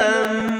them.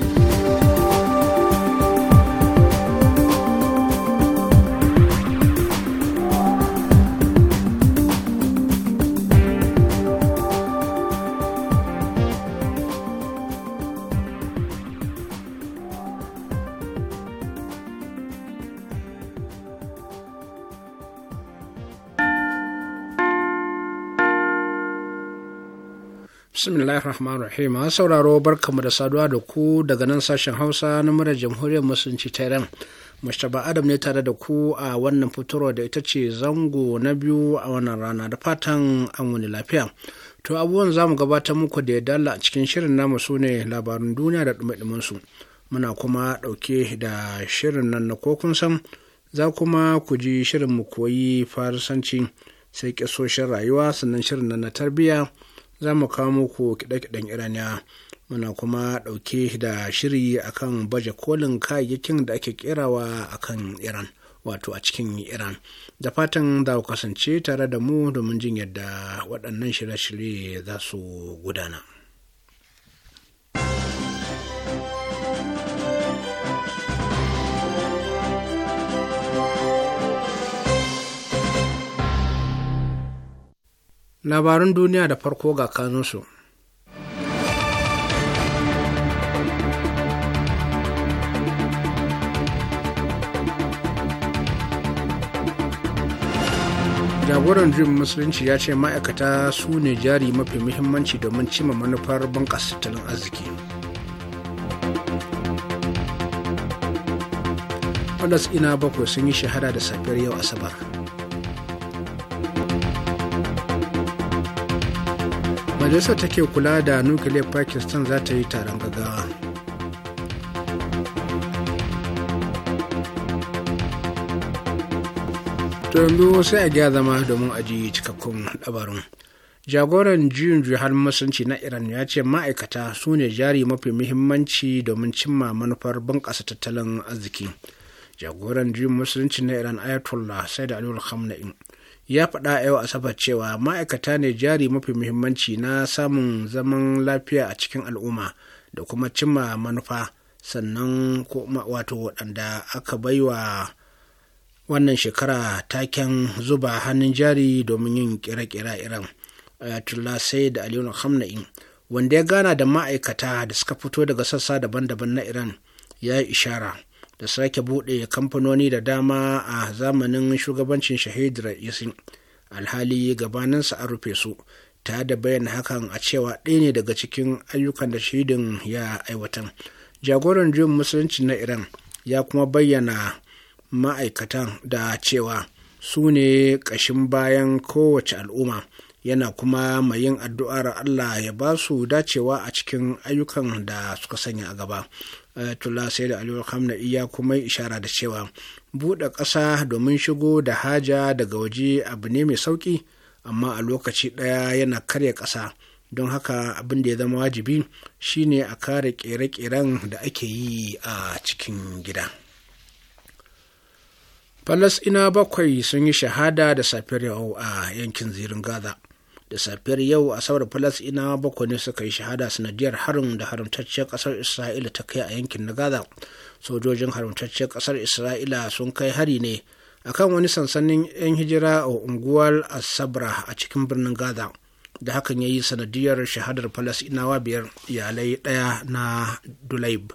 bismillahir rahmanir rahim an sauraro barkamu da saduwa da ku daga nan sashen hausa na murar jamhuriyar musulunci ta iran mustapha adam ne tare da ku a wannan fitarwa da ita ce zango na biyu a wannan rana da fatan an wani lafiya to abubuwan za mu gabatar muku da ya dala a cikin shirin namu su ne labarin duniya da ɗume su muna kuma ɗauke da shirin nan na kokun san za kuma ku ji shirin mu koyi farisanci sai kisoshin rayuwa sannan shirin nan na tarbiyya za mu kawo muku kiɗe-kiɗen iraniya muna kuma ɗauke da shiri akan baje kolin kayayyakin da ake kerawa akan iran wato a cikin iran da fatan za ku kasance tare da mu domin jin yadda waɗannan shirye-shirye za su gudana labarun duniya da farko ga kanunsu jagoran jin musulunci ya ce ma'aikata su ne jari mafi muhimmanci domin cima manufar bankas tattalin arziki ina bakwai sun yi shahada da safiyar yau asabar majalisar take kula da nukiliyar pakistan za ta yi taron gaggawa to yanzu sai a gya zama domin a cikakkun labarin jagoran juyin juhar masanci na iran ya ce ma'aikata su ne jari mafi muhimmanci domin cimma manufar bunƙasa tattalin arziki jagoran juyin musulunci na iran ayatollah sai da aliyu khamenei ya faɗa a yau asabar cewa ma'aikata ne jari mafi muhimmanci na samun zaman lafiya a cikin al'umma da kuma cimma manufa sannan wato waɗanda aka baiwa wannan shekara taken zuba hannun jari domin yin kira-kira iran ayatollah sai da aliyu hamna'in wanda ya gana da ma'aikata da suka fito daga sassa daban-daban na iran ya yi ishara da sake buɗe kamfanoni da dama a zamanin shugabancin shahid ra'isi alhali gabaninsa a rufe su ta da bayyana hakan a cewa ɗaya ne daga cikin ayyukan da shahidin ya aiwatar jagoran juyin musulunci na iran ya kuma bayyana ma'aikatan da cewa su ne ƙashin bayan kowace al'umma yana kuma mai yin addu'ar Allah ya ba su dacewa a cikin ayyukan da suka sanya a gaba Ayatollah da Ali Khamenei ya kuma ishara da cewa buɗe ƙasa domin shigo da haja daga waje abu ne mai sauƙi amma a lokaci ɗaya yana karya ƙasa don haka abin da ya zama wajibi shine a kare ƙere-ƙeren da ake yi a cikin gida. Falasɗina bakwai sun yi shahada da safiyar yau a yankin zirin Gaza. da safiyar yau asabar falasɗinawa bakwai ne suka yi shahada sanadiyar harin da haramtacciyar ƙasar isra'ila ta kai a yankin na gaza sojojin haramtacciyar ƙasar isra'ila sun kai hari ne akan wani sansanin 'yan hijira a unguwar asabra a cikin birnin gaza da hakan ya yi sanadiyar shahadar falasinawa biyar iyalai ɗaya na dulaib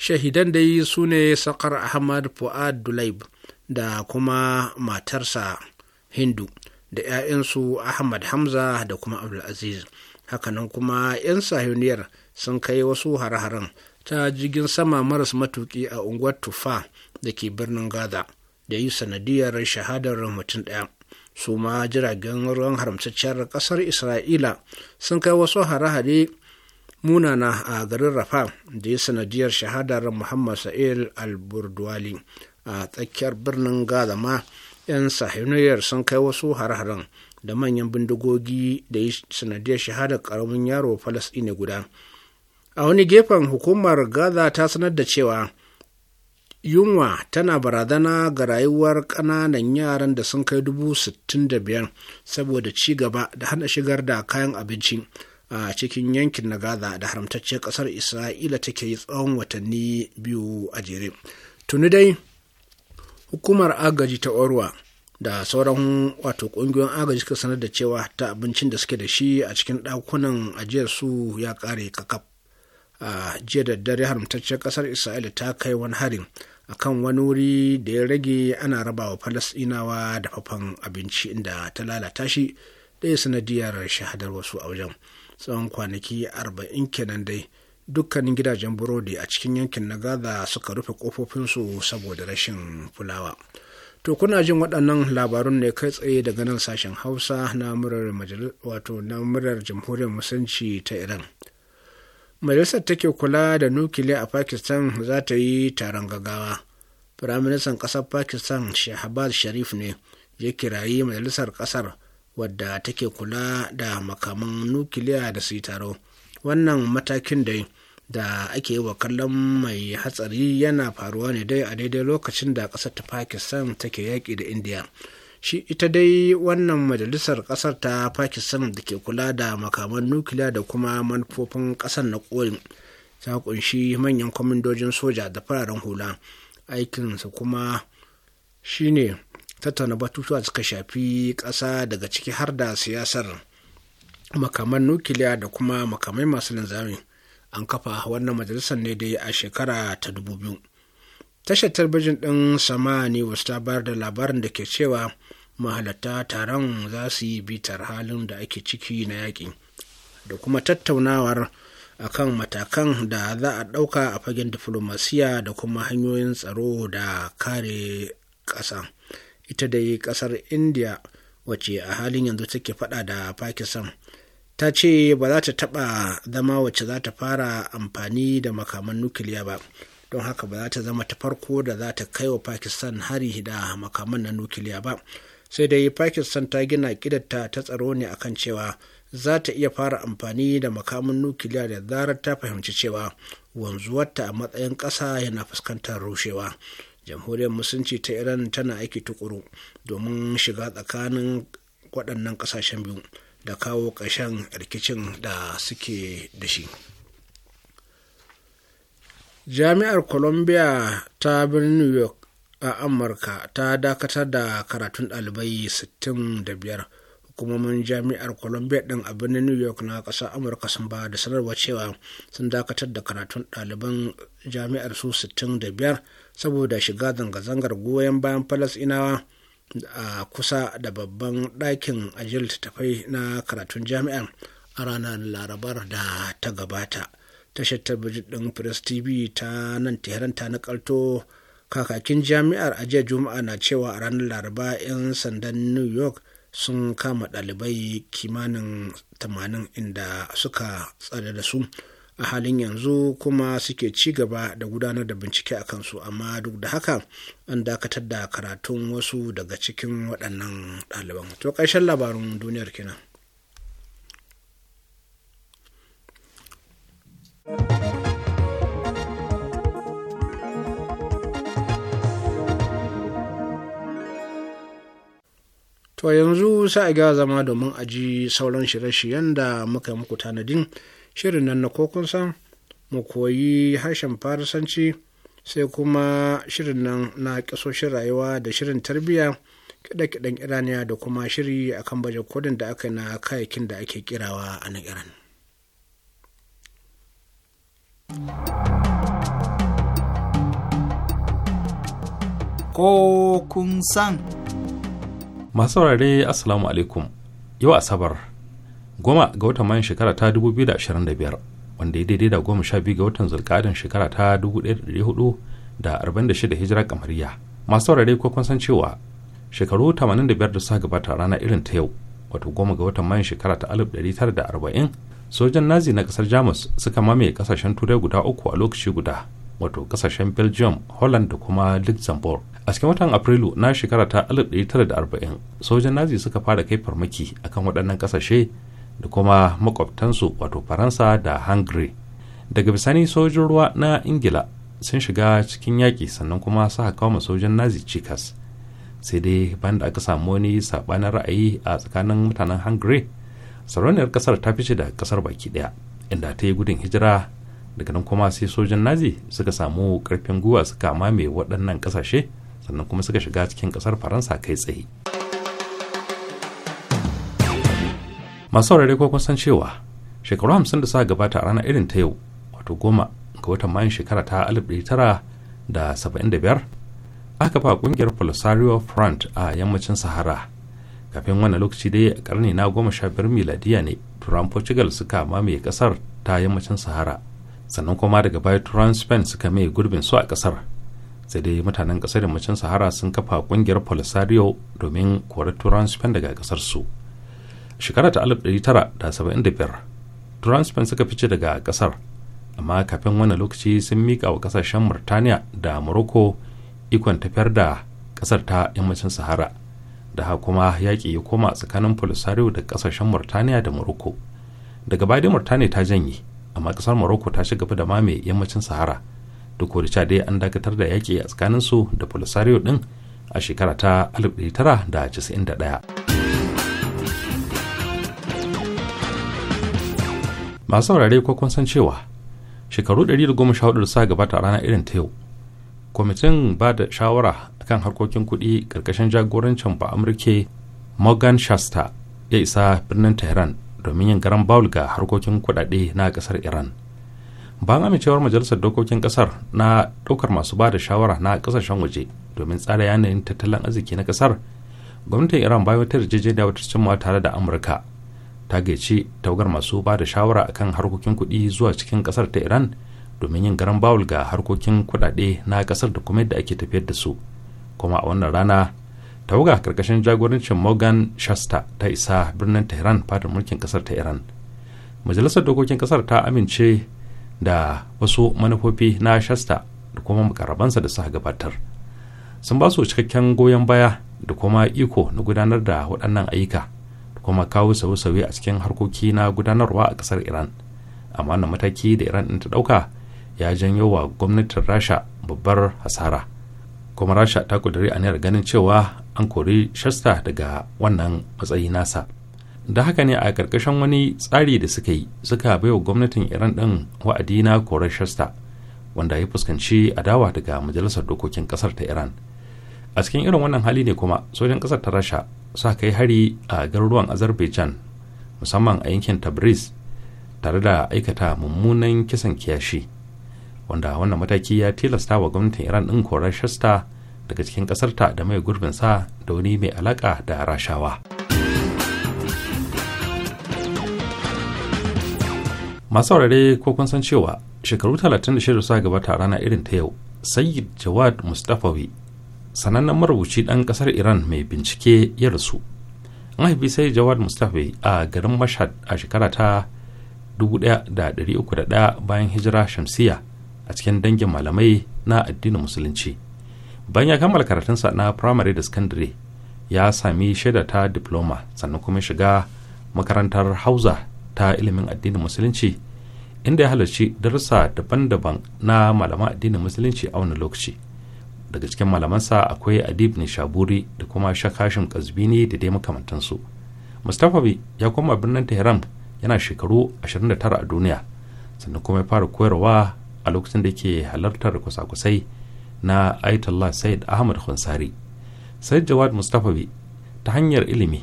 shahidan da yi su ne sakar ahmad fu'ad dulaib da kuma matarsa hindu da 'ya'yansu ahmad hamza da kuma abdulaziz hakanan kuma 'yan sahuniyar sun kai wasu hare-haren ta jirgin sama maras matuki a unguwar tufa da ke birnin gaza da yi sanadiyar shahadar mutum ɗaya su ma jiragen ruwan haramtacciyar ƙasar isra'ila sun kai wasu hare-hare munana a garin rafa da yi sanadiyar shahadar muhammad sa'il al burduwali a tsakiyar birnin gaza ma 'yan sahiniyar sun kai wasu har-haren da manyan bindigogi da ya sanadiyar shahadar karamin yaro ne guda a wani gefen hukumar gaza ta sanar da cewa yunwa tana barazana ga rayuwar ƙananan yaran da sun kai dubu sittin da biyar saboda ci gaba da hana shigar da kayan abinci a cikin yankin na gaza da haramtacciyar ƙasar isra'ila take yi tsawon watanni biyu a jere tuni dai hukumar agaji ta orwa da sauran wato kungiyoyin agaji suka sanar da cewa ta abincin da suke da shi a cikin ɗakunan ajiyar su ya kare kakaf a jiya da dare haramtacciyar ƙasar isra'ila ta kai wani harin akan wani wuri da ya rage ana raba rabawa falasɗinawa dafaffen abinci inda ta lalata shi ɗaya sanadiyar shahadar wasu a wajen tsawon kwanaki arba'in kenan dai dukkanin gidajen burodi a cikin yankin na gaza suka rufe kofofinsu saboda rashin fulawa to kuna jin waɗannan labarun ne kai tsaye daga nan sashen hausa na murar wato na murar jamhuriyar musulunci ta iran majalisar take kula da nukiliya a pakistan za ta yi taron gaggawa firaministan ƙasar pakistan shahbaz sharif ne ya kirayi majalisar ƙasar wadda take kula da makaman nukiliya da su yi taro wannan matakin dai da ake yi wa kallon mai hatsari yana faruwa ne dai a daidai lokacin da ƙasar ta pakistan take yaƙi da india shi ita dai wannan majalisar ƙasar ta pakistan da ke kula da makaman nukiliya da kuma manufofin ƙasar na ƙorin ta kunshi manyan kwamandojin soja da fararen hula aikinsa kuma shine tattauna batutuwa suka shafi ƙasa daga ciki har da siyasar makaman nukiliya da kuma makamai masu linzami an kafa wannan majalisar ne dai a shekara ta dubu biyu tashar talbijin ɗin sama wasu ta bayar da labarin da ke cewa mahalatta taron za su yi bitar halin da ake ciki na yaƙi da kuma tattaunawar akan matakan da za a ɗauka a fagen diflomasiya da kuma hanyoyin tsaro da kare ƙasa ita dai ƙasar Indiya wacce a halin yanzu take faɗa da pakistan ta ce ba za ta taɓa zama wacce za ta fara amfani da makaman nukiliya ba don haka ba za ta zama ta farko da za ta kai wa pakistan hari da makaman na nukiliya ba sai dai pakistan ta gina kidatta ta tsaro ne a kan cewa za ta iya fara amfani da makaman nukiliya da zarar ta fahimci cewa wanzuwarta a matsayin ƙasa yana fuskantar rushewa jamhuriyar musulunci ta iran tana aiki tukuru domin shiga tsakanin waɗannan ƙasashen biyu da kawo ƙashen rikicin da suke da shi jami'ar columbia ta birnin new york a amurka ta dakatar da karatun ɗalibai 65 hukumomin jami'ar columbia ɗin a birnin new york na ƙasar amurka sun ba da sanarwa cewa sun dakatar da karatun ɗaliban jami'ar su 65 saboda shiga zanga-zangar goyon bayan falasinawa a kusa da babban ɗakin ajiyar littattafai na karatun jami'ar a ranar larabar da ta gabata tashar talbijin ɗin press tv ta nan tehran ta nakalto kakakin jami'ar a jiya juma'a na cewa a ranar laraba 'yan sandan new york sun kama ɗalibai kimanin 80 inda suka tsada da su a halin yanzu kuma suke ci gaba da gudanar da bincike a kansu amma duk da haka an dakatar da karatun wasu daga cikin waɗannan ɗaliban to ƙarshen labarin duniyar kenan. To yanzu sai a zama domin a ji sauran shirye-shiryen da muka muku tanadin shirin nan na kun san mu koyi harshen farisanci sai kuma shirin nan na ƙasoshin rayuwa da shirin tarbiyya kiɗe-kiɗen iraniya da kuma shiri a kan baje kodin da aka na kayakin da ake kirawa a nan iran ko kun san masu asalamu assalamu alaikum yau asabar goma ga watan mayan shekara ta 2025 wanda ya daidai da goma sha biyu ga watan zulkadin shekara ta 1446 hijira kamariya masu saurare ko kun san cewa shekaru 85 da suka gabata rana irin ta yau wato goma ga watan mayan shekara ta 1940 sojan nazi na kasar jamus suka mamaye kasashen turai guda uku a lokaci guda wato kasashen belgium holland da kuma luxembourg a cikin watan afrilu na shekara ta 1940 sojan nazi suka fara kai farmaki akan waɗannan kasashe da kuma makwabtansu wato faransa da hungary daga bisani sojin ruwa na ingila sun shiga cikin yaƙi sannan kuma suka kama sojan nazi cikas sai dai banda aka samu wani saɓanin ra'ayi a tsakanin mutanen hungary sarauniyar ƙasar ta fice da ƙasar baki ɗaya inda ta yi gudun hijira daga nan kuma sai sojan nazi suka samu ƙarfin gwiwa suka mame waɗannan ƙasashe sannan kuma suka shiga cikin ƙasar faransa kai tsaye. masu saurare ko kun san cewa shekaru hamsin da suka gabata a ranar irin ta yau wato goma ga watan mayun shekara ta alif tara da saba'in da biyar aka fa kungiyar polisario front a yammacin sahara kafin wannan lokaci dai a karni na goma sha biyar miladiya ne turan portugal suka mamaye kasar ta yammacin sahara sannan kuma daga baya turan spain suka maye gurbin su a kasar sai dai mutanen kasar yammacin sahara sun kafa kungiyar polisario domin korar turan spain daga kasar su shekara ta biyar turanspan suka fice daga kasar amma kafin wannan lokaci sun miƙa wa kasashen murtaniya da morocco ikon tafiyar da kasar ta yammacin sahara da ha kuma yaƙi ya koma tsakanin polisario da kasashen murtaniya da morocco daga baya dai murtaniya ta janye amma kasar morocco ta ci gaba da mame yammacin sahara duk da cewa dai an dakatar da yaƙi a tsakanin su da polisario din a shekara ta ɗaya. masu saurare ko kun san cewa shekaru 114 sa gabata a rana irin ta yau kwamitin ba da shawara kan harkokin kuɗi ƙarƙashin jagorancin ba amurke morgan shasta ya isa birnin tehran domin yin garan bawul ga harkokin kuɗaɗe na ƙasar iran bayan amincewar majalisar dokokin ƙasar na ɗaukar masu ba da shawara na ƙasashen waje domin tsara yanayin tattalin arziki na ƙasar gwamnatin iran bayan wata yarjejeniya wata cimma tare da amurka ta gaici taugar masu ba da shawara akan harkokin kuɗi zuwa cikin ƙasar ta iran domin yin garan bawul ga harkokin kuɗaɗe na ƙasar da kuma yadda ake tafiyar da su kuma a wannan rana tauga karkashin jagorancin morgan shasta ta isa birnin tehran fadar mulkin ƙasar ta iran majalisar dokokin ƙasar ta amince da wasu manufofi na shasta da kuma makarabansa da suka gabatar sun ba su cikakken goyon baya da kuma iko na gudanar da waɗannan ayyuka kuma kawo sauye-sauye a cikin harkoki na gudanarwa a kasar iran amma wannan mataki da iran din ta dauka ya janyo wa gwamnatin rasha babbar hasara kuma rasha ta a aniyar ganin cewa an kori shasta daga wannan matsayi nasa da haka ne a ƙarƙashin wani tsari da suka yi suka bai wa gwamnatin iran ɗin wa'adi na korar shasta wanda ya fuskanci adawa daga majalisar dokokin ƙasar ta iran a cikin irin wannan hali ne kuma sojin kasar ta rasha sa kai hari a garuruwan azerbaijan musamman a yankin tabriz tare da aikata mummunan kisan kiyashi wanda wannan mataki ya tilasta wa gwamnatin iran din korar shasta daga cikin ƙasarta da mai gurbin sa da wani mai alaƙa da rashawa masu saurare ko kun san cewa shekaru 36 suka gabata rana irin ta yau sayyid jawad mustafawi sanannen marubuci ɗan ƙasar iran mai bincike ya rasu an haifi sai jawad mustafa a garin mashhad a shekara ta 1301 bayan hijira shamsiya a cikin dangin malamai na addinin musulunci bayan ya kammala karatunsa na firamare da sakandare ya sami shaida ta diploma sannan kuma shiga makarantar hausa ta ilimin addinin musulunci inda ya halarci darussa daban-daban na malaman addinin musulunci a wani lokaci daga cikin malamansa akwai adib nishaburi da kuma shakashin kazbini da dai makamantansu mustapha ya koma birnin tehran yana shekaru 29 a duniya sannan kuma ya fara koyarwa a lokacin da ke halartar kusa-kusai na ayatollah said ahmad khansari sai jawad mustapha ta hanyar ilimi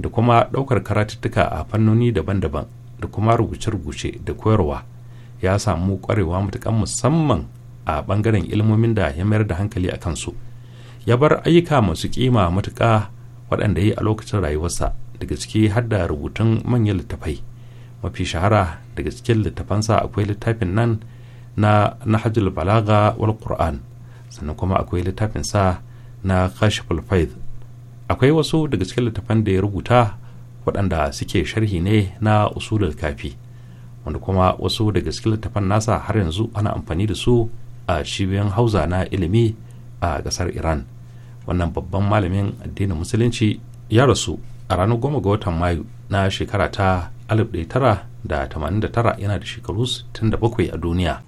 da kuma ɗaukar karatuttuka a fannoni daban-daban da kuma rubuce-rubuce da koyarwa ya samu kwarewa matukan musamman a bangaren ilmomin da ya mayar da hankali a kansu ya bar ayyuka masu kima matuka waɗanda ya yi a lokacin rayuwarsa daga ciki har da rubutun manyan littafai mafi shahara daga cikin littafansa akwai littafin nan na nahajul balaga wal qur'an sannan kuma akwai littafin sa na kashful faid akwai wasu daga cikin littafan da ya rubuta waɗanda suke sharhi ne na usulul kafi wanda kuma wasu daga cikin littafan nasa har yanzu ana amfani da su a cibiyar hauza na ilimi a kasar iran wannan babban malamin addinin musulunci ya rasu a ranar goma ga watan mayu na shekara ta 1989 yana da shekaru 67 a duniya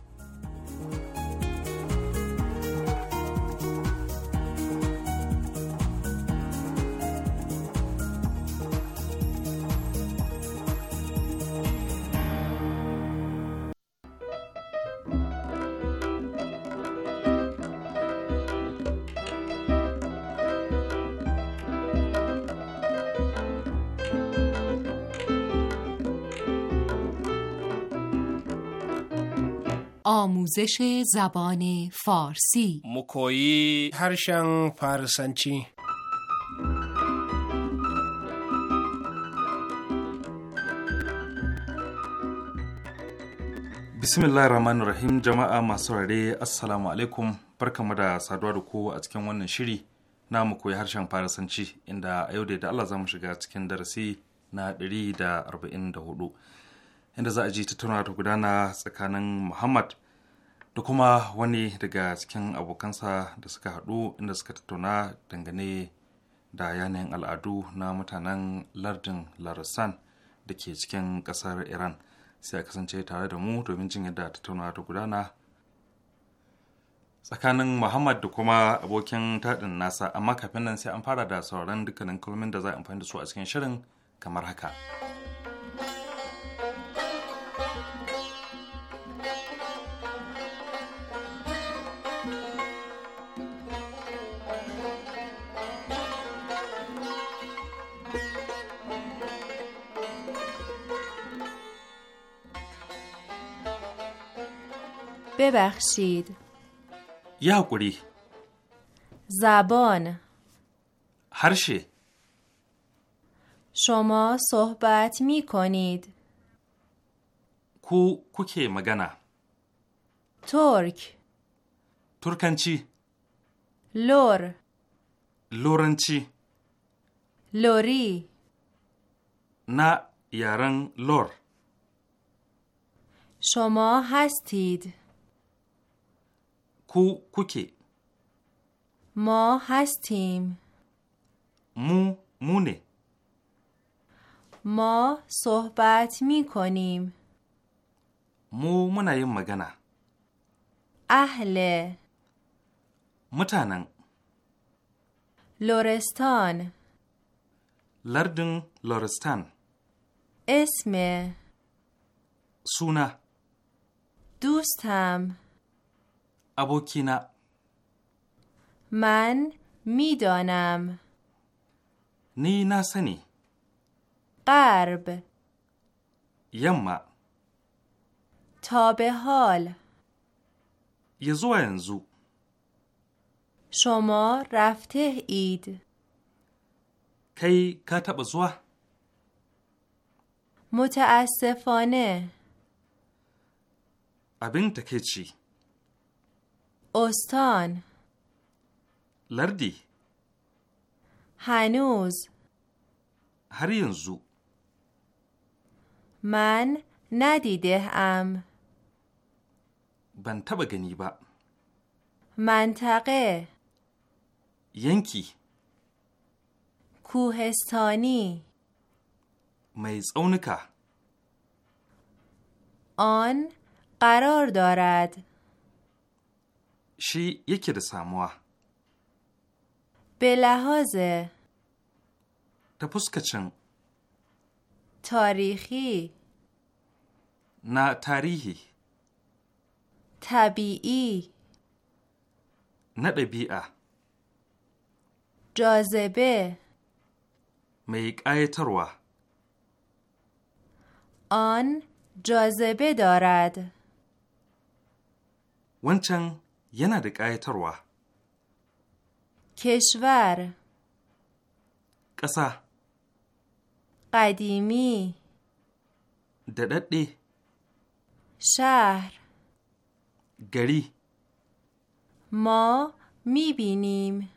آموزش زبان فارسی مکویی هرشن فارسنچی bismillah rahman rahim jama'a masu rare assalamu alaikum barkamu da saduwa da ku a cikin wannan shiri na mu koyi harshen farasanci inda a yau da Allah za mu shiga cikin darasi na 144 inda za a ji tattaunawa ta gudana tsakanin muhammad da kuma wani daga cikin abokansa da suka haɗu inda suka tattauna dangane da yanayin al'adu na mutanen lardin larasan da ke cikin ƙasar iran sai a kasance tare da mu domin jin yadda tattauna ta gudana tsakanin muhammad da kuma abokin taɗin nasa amma kafin nan sai an fara da sauran dukkanin kalmomin da za a amfani da su a cikin shirin kamar haka. ببخشید یا زبان هرشی شما صحبت می کنید کو کوکی مگنه ترک چی؟ لور چی؟ لوری نه یارن لور شما هستید ku kuke. Mo hastim. Mu mune. Mo sohbat mikonim. Mu muna yin magana. Ahle. Mutanen. Lorestan. Lardin Lorestan. Esme. Suna. Dustam. abokina من میدانم نی نسنی قرب یما تا به حال یزو انزو شما رفته اید کی کتب زوه متاسفانه abin چی؟ استان لردی هنوز هر ینزو من ندیده ام بن تبا با منطقه ینکی کوهستانی می اونکا آن قرار دارد شی یکی ده ساموه به لحاظ کچن تاریخی نه تاریخی طبیعی نه جازبه جاذبه می آن جاذبه دارد ونچن yana da ƙayatarwa. Keshwar ƙasa Ƙadimi Daɗaɗɗe Shar. Gari Ma mibinim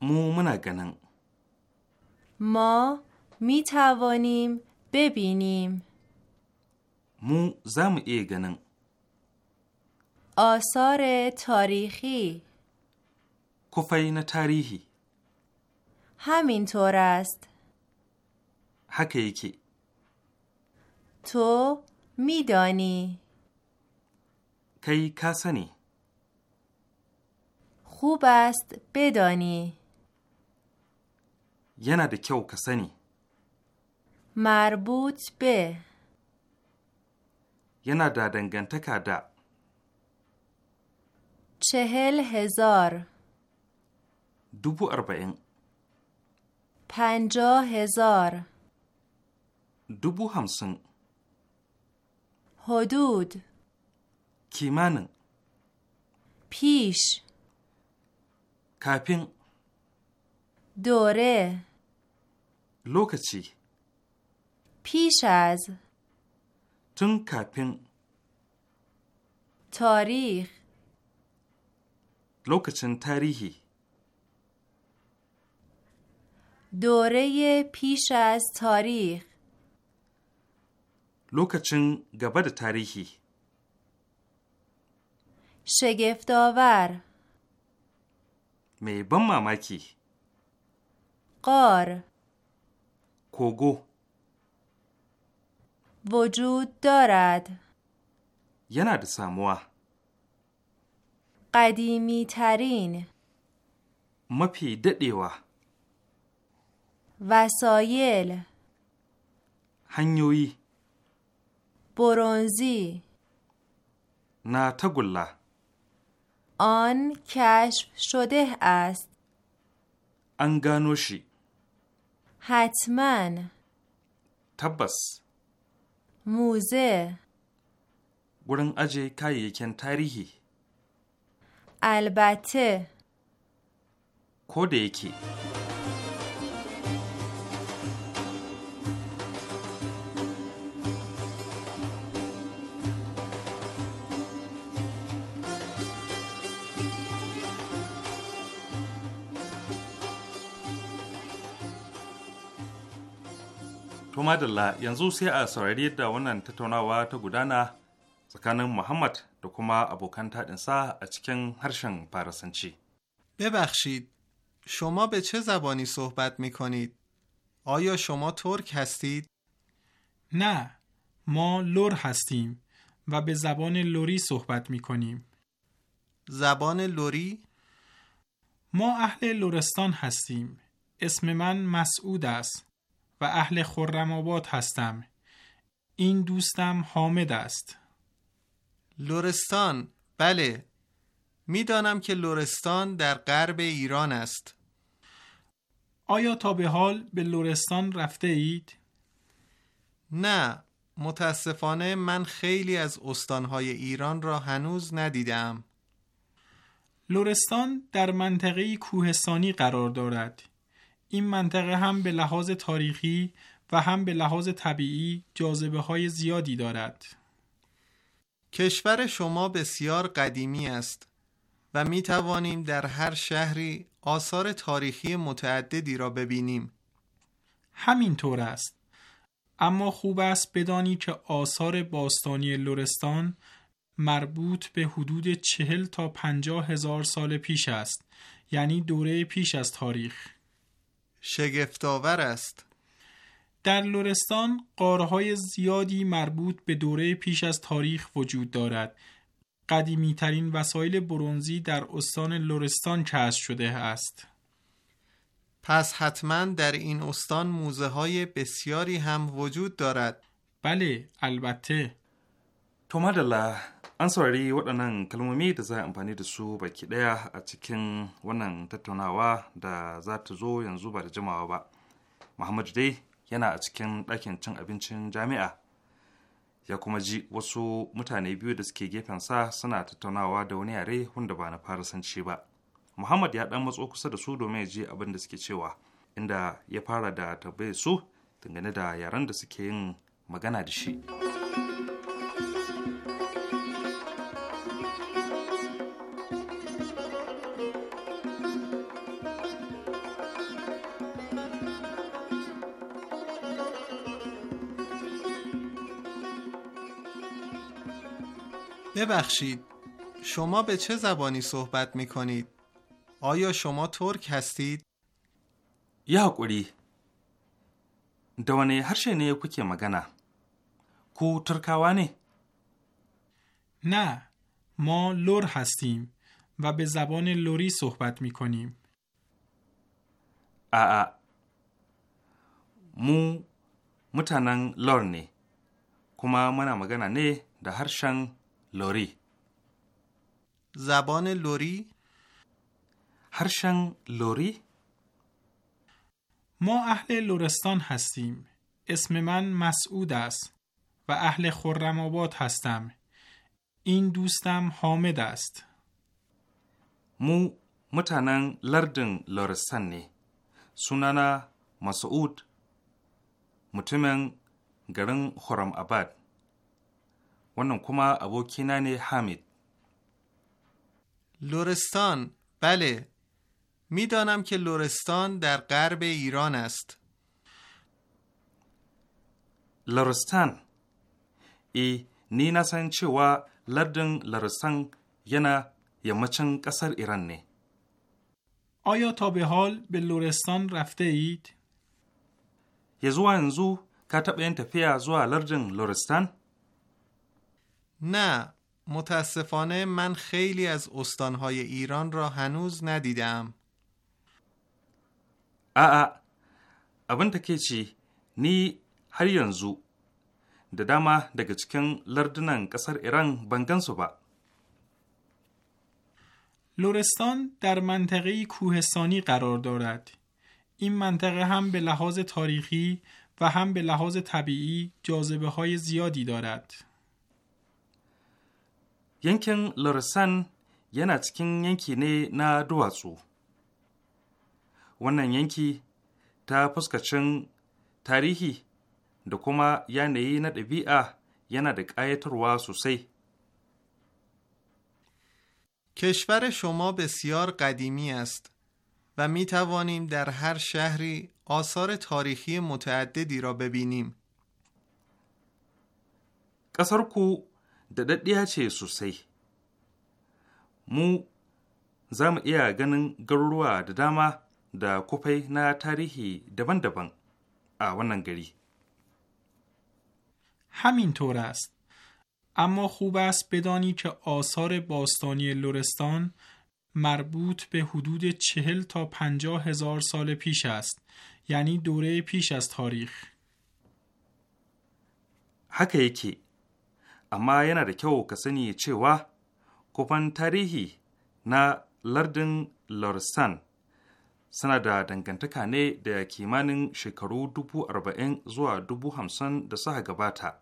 Mu muna ganin Ma mitawonim bebinim Mu za mu iya ganin. آثار تاریخی کفین تاریخی طور است حقیقی تو میدانی کی کسنی خوب است بدانی یه ده کیو کسنی مربوط به یه ده دنگنتکه ده چهل هزار دوبو اربعین پنجا هزار دوبو همسن حدود کیمان پیش کپین دوره لوکچی پیش از تن کپین تاریخ لوکچن تاریخی دوره پیش از تاریخ لوکچن گبد تاریخی شگفتآور می میبم ماماکی قار کوگو وجود دارد یه نرد ساموه قدیمی ترین مپی وسایل هنیوی برونزی نا آن کشف شده است انگانوشی حتما تبس موزه گرن اجه کاییکن تاریخی البته کودکی To madalla yanzu sai a saurari yadda wannan tattaunawa ta gudana tsakanin Muhammad da kuma abokan taɗinsa a cikin ببخشید شما به چه زبانی صحبت می کنید؟ آیا شما ترک هستید؟ نه ما لور هستیم و به زبان لوری صحبت می کنیم زبان لوری؟ ما اهل لورستان هستیم اسم من مسعود است و اهل خرم هستم این دوستم حامد است لورستان بله میدانم که لورستان در غرب ایران است آیا تا به حال به لورستان رفته اید؟ نه متاسفانه من خیلی از استانهای ایران را هنوز ندیدم لورستان در منطقه کوهستانی قرار دارد این منطقه هم به لحاظ تاریخی و هم به لحاظ طبیعی جاذبه های زیادی دارد کشور شما بسیار قدیمی است و می توانیم در هر شهری آثار تاریخی متعددی را ببینیم. همینطور است. اما خوب است بدانی که آثار باستانی لورستان مربوط به حدود چهل تا پنجاه هزار سال پیش است یعنی دوره پیش از تاریخ شگفتآور است در لورستان، قارهای زیادی مربوط به دوره پیش از تاریخ وجود دارد. قدیمیترین وسایل برونزی در استان لورستان کسب شده است. پس حتما در این استان موزه های بسیاری هم وجود دارد. بله، البته. To madalla an saurari waɗannan کلمومی da za a amfani da su baki ɗaya a cikin wannan tattaunawa da za ta zo yanzu ba yana a cikin ɗakin cin abincin jami'a ya kuma ji wasu mutane biyu da suke gefensa suna tattaunawa da wani yare wanda ba na farasanci ba muhammad ya ɗan matso kusa da su domin ya ji abin da suke cewa inda ya fara da tambayar su dangane da yaren da suke yin magana da shi. ببخشید شما به چه زبانی صحبت می کنید؟ آیا شما ترک هستید؟ یا حقوری دوانه هر شینه کوکه مگنا کو ترکاوانه؟ نه ما لور هستیم و به زبان لوری صحبت می کنیم آآ مو متنن لور نه کما منا مگنا نه ده شنگ؟ لوری زبان لوری هرشنگ لوری ما اهل لورستان هستیم اسم من مسعود است و اهل خرم آباد هستم این دوستم حامد است مو متنن لردن لورستان نه سنانا مسعود متمن گرن خرم آباد wannan kuma abokina ne Hamid. لورستان بله میدانم که لورستان در غرب ایران است لورستان ای نی نسن چوا لردن لورستان ینا یمچن قصر ایران نه آیا تا به حال به لورستان رفته اید؟ یزو انزو کتب این تفیه زوا لردن لورستان؟ نه متاسفانه من خیلی از استانهای ایران را هنوز ندیدم abin ni har yanzu da dama daga cikin lardunan ƙasar Iran ban لورستان در منطقه کوهستانی قرار دارد. این منطقه هم به لحاظ تاریخی و هم به لحاظ طبیعی جاذبه های زیادی دارد. yankin lurisan yana cikin yanki ne na duwatsu wannan yanki ta fuskacin tarihi da kuma yanayi na ɗabi'a yana da ƙayatarwa sosai کشور شما بسیار قدیمی است و می توانیم در هر شهری آثار تاریخی متعددی را ببینیم. قصر کو da daddiya ce sosai. Mu za mu iya ganin garuruwa da dama da kufai na tarihi daban-daban a wannan gari. همینطور است. اما خوب است بدانی که آثار باستانی لورستان مربوط به حدود چهل تا پنجاه هزار سال پیش است یعنی دوره پیش از تاریخ حکه یکی amma yana da kyau ka sani cewa kufan tarihi na lardin lorsan suna da dangantaka ne da kimanin shekaru dubu arba'in zuwa dubu hamsin da suka gabata,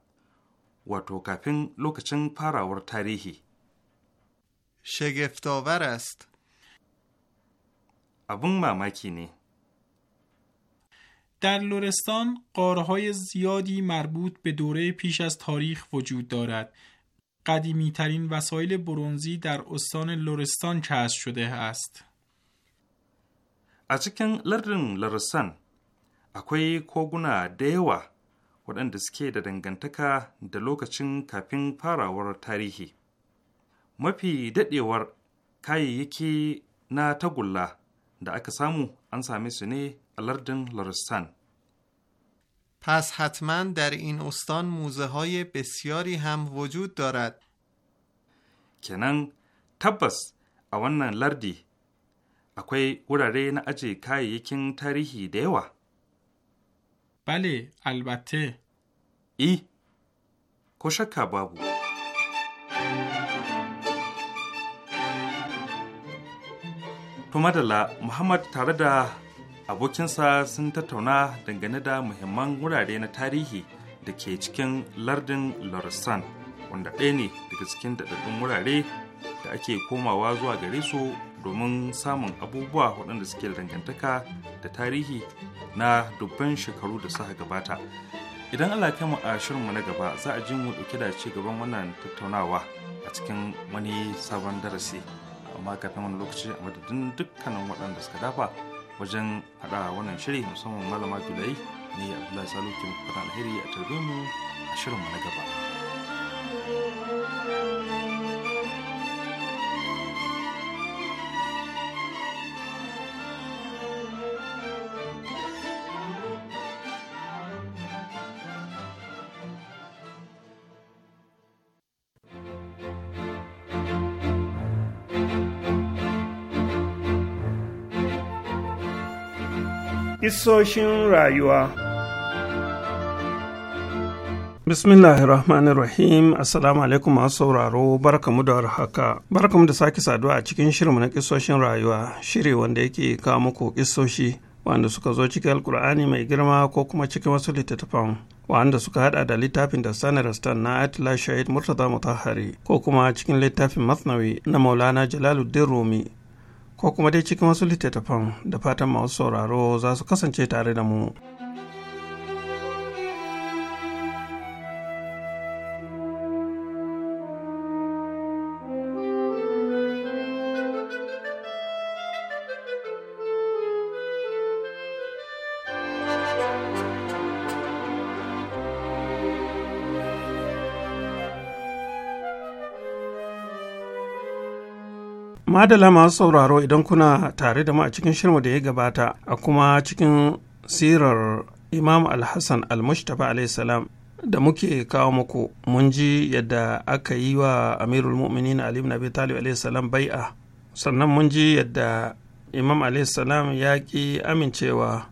wato kafin lokacin farawar tarihi. شگفتآور abin mamaki ne. در لورستان قاره زیادی مربوط به دوره پیش از تاریخ وجود دارد. قدیمی ترین وسایل برونزی در استان لورستان چهست شده است. از چکن لرن لرستان اکوی کوگونا دیوه ودن دسکی دادنگن تکا دلوک چن کپین پارا ور تاریخی. مپی دیدی ور یکی نا در دا اکسامو انسامی سنی a lardin لرستان پس حتما در این استان موزه های بسیاری هم وجود دارد کنن تبس اوانن لردی اکوی وراره نا اجی کاییکین تاریخی دیوا بله البته ای کشکا بابو تو مدلا محمد تارده abokinsa sun tattauna dangane da muhimman wurare na tarihi da ke cikin lardin loristan wanda ɗaya ne daga cikin daɗaɗɗun wurare da ake komawa zuwa gare su domin samun abubuwa waɗanda suke da dangantaka da tarihi na dubban shekaru da suka gabata idan allah kama mu a shirinmu na gaba za a ji mu ɗauki da ci gaban wannan tattaunawa a cikin wani sabon darasi amma kafin wani lokaci a madadin dukkanin waɗanda suka dafa wajen haɗa wannan shiri musamman malama bilai ne abdullahi salu ke muku fatan alheri a tarbe mu a shirinmu na gaba. Isoshin rayuwa rahim Assalamu alaikum masu sauraro barkamu da warhaka barkamu da sake saduwa a cikin shirinmu na kisoshin rayuwa shiri wanda yake kawo muku kisoshi wanda suka zo cikin alkur'ani mai girma ko kuma cikin wasu littattafan wanda suka hada da littafin da sanar stan na atila shahid murtaza mutahari ko kuma cikin littafin masnawi na maulana jalaluddin rumi ko kuma dai cikin wasu littattafan da fatan masu sauraro za su kasance tare da mu. madala masu sauraro idan kuna tare da mu a cikin shirma da ya gabata a kuma cikin sirar imam alhassan almustapha salam da muke kawo muku mun ji yadda aka yi wa amirul mu'minin ali ibn abi talib salam bai'a sannan mun ji yadda imam salam ya ki amincewa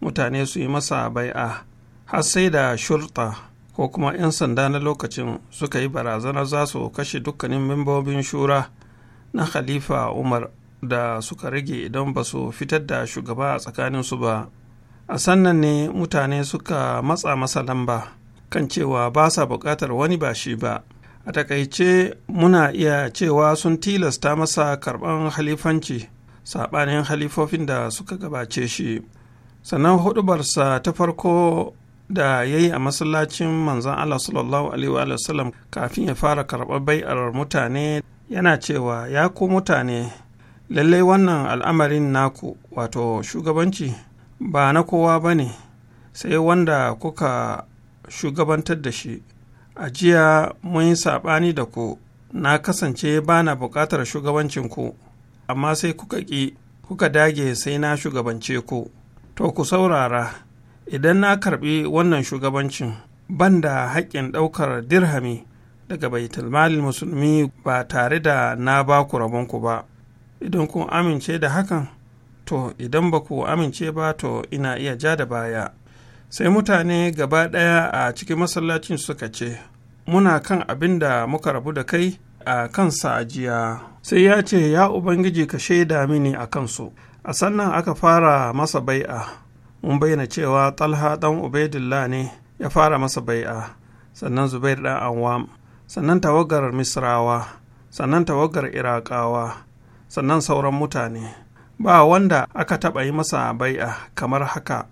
mutane su yi masa bai'a har sai da shurta ko kuma 'yan sanda na lokacin suka yi barazana za su kashe dukkanin membobin shura na khalifa umar da suka rage idan ba su fitar da shugaba a tsakaninsu ba a sannan ne mutane suka matsa masa lamba kan cewa ba sa buƙatar wani ba shi ba a takaice muna iya cewa sun tilasta masa karɓan halifanci saɓanin halifofin da suka gabace shi sannan hudubarsa ta farko da ya yi a masallacin manzan Allah sallallahu alaihi wa kafin ya fara karɓar bai'ar mutane yana cewa ya ku mutane lallai wannan al'amarin naku wato shugabanci ba na kowa ba ne sai wanda kuka shugabantar da shi a jiya mun yi saɓani da ku na kasance ba na buƙatar shugabancinku amma sai kuka ƙi kuka dage sai na shugabance ku to ku saurara idan na karɓi wannan shugabancin ban da haƙƙin ɗaukar dirhami daga baitulmalin musulmi ba tare da na ba ku rabonku ba idan kun amince da hakan to idan ba ku amince ba to ina iya ja da baya sai mutane gaba ɗaya a cikin masallacin suka ce muna kan abin da muka rabu da kai a kansa ajiya sai ya ce ya ubangiji ka shaida mini a kansu a sannan aka fara masa bai'a mun bayyana cewa talha ɗan ubaidillah ne ya fara masa bai'a sannan zubair dan anwam sannan tawagar misrawa sannan tawagar irakawa sannan sauran mutane ba wanda aka taɓa yi masa bai'a kamar haka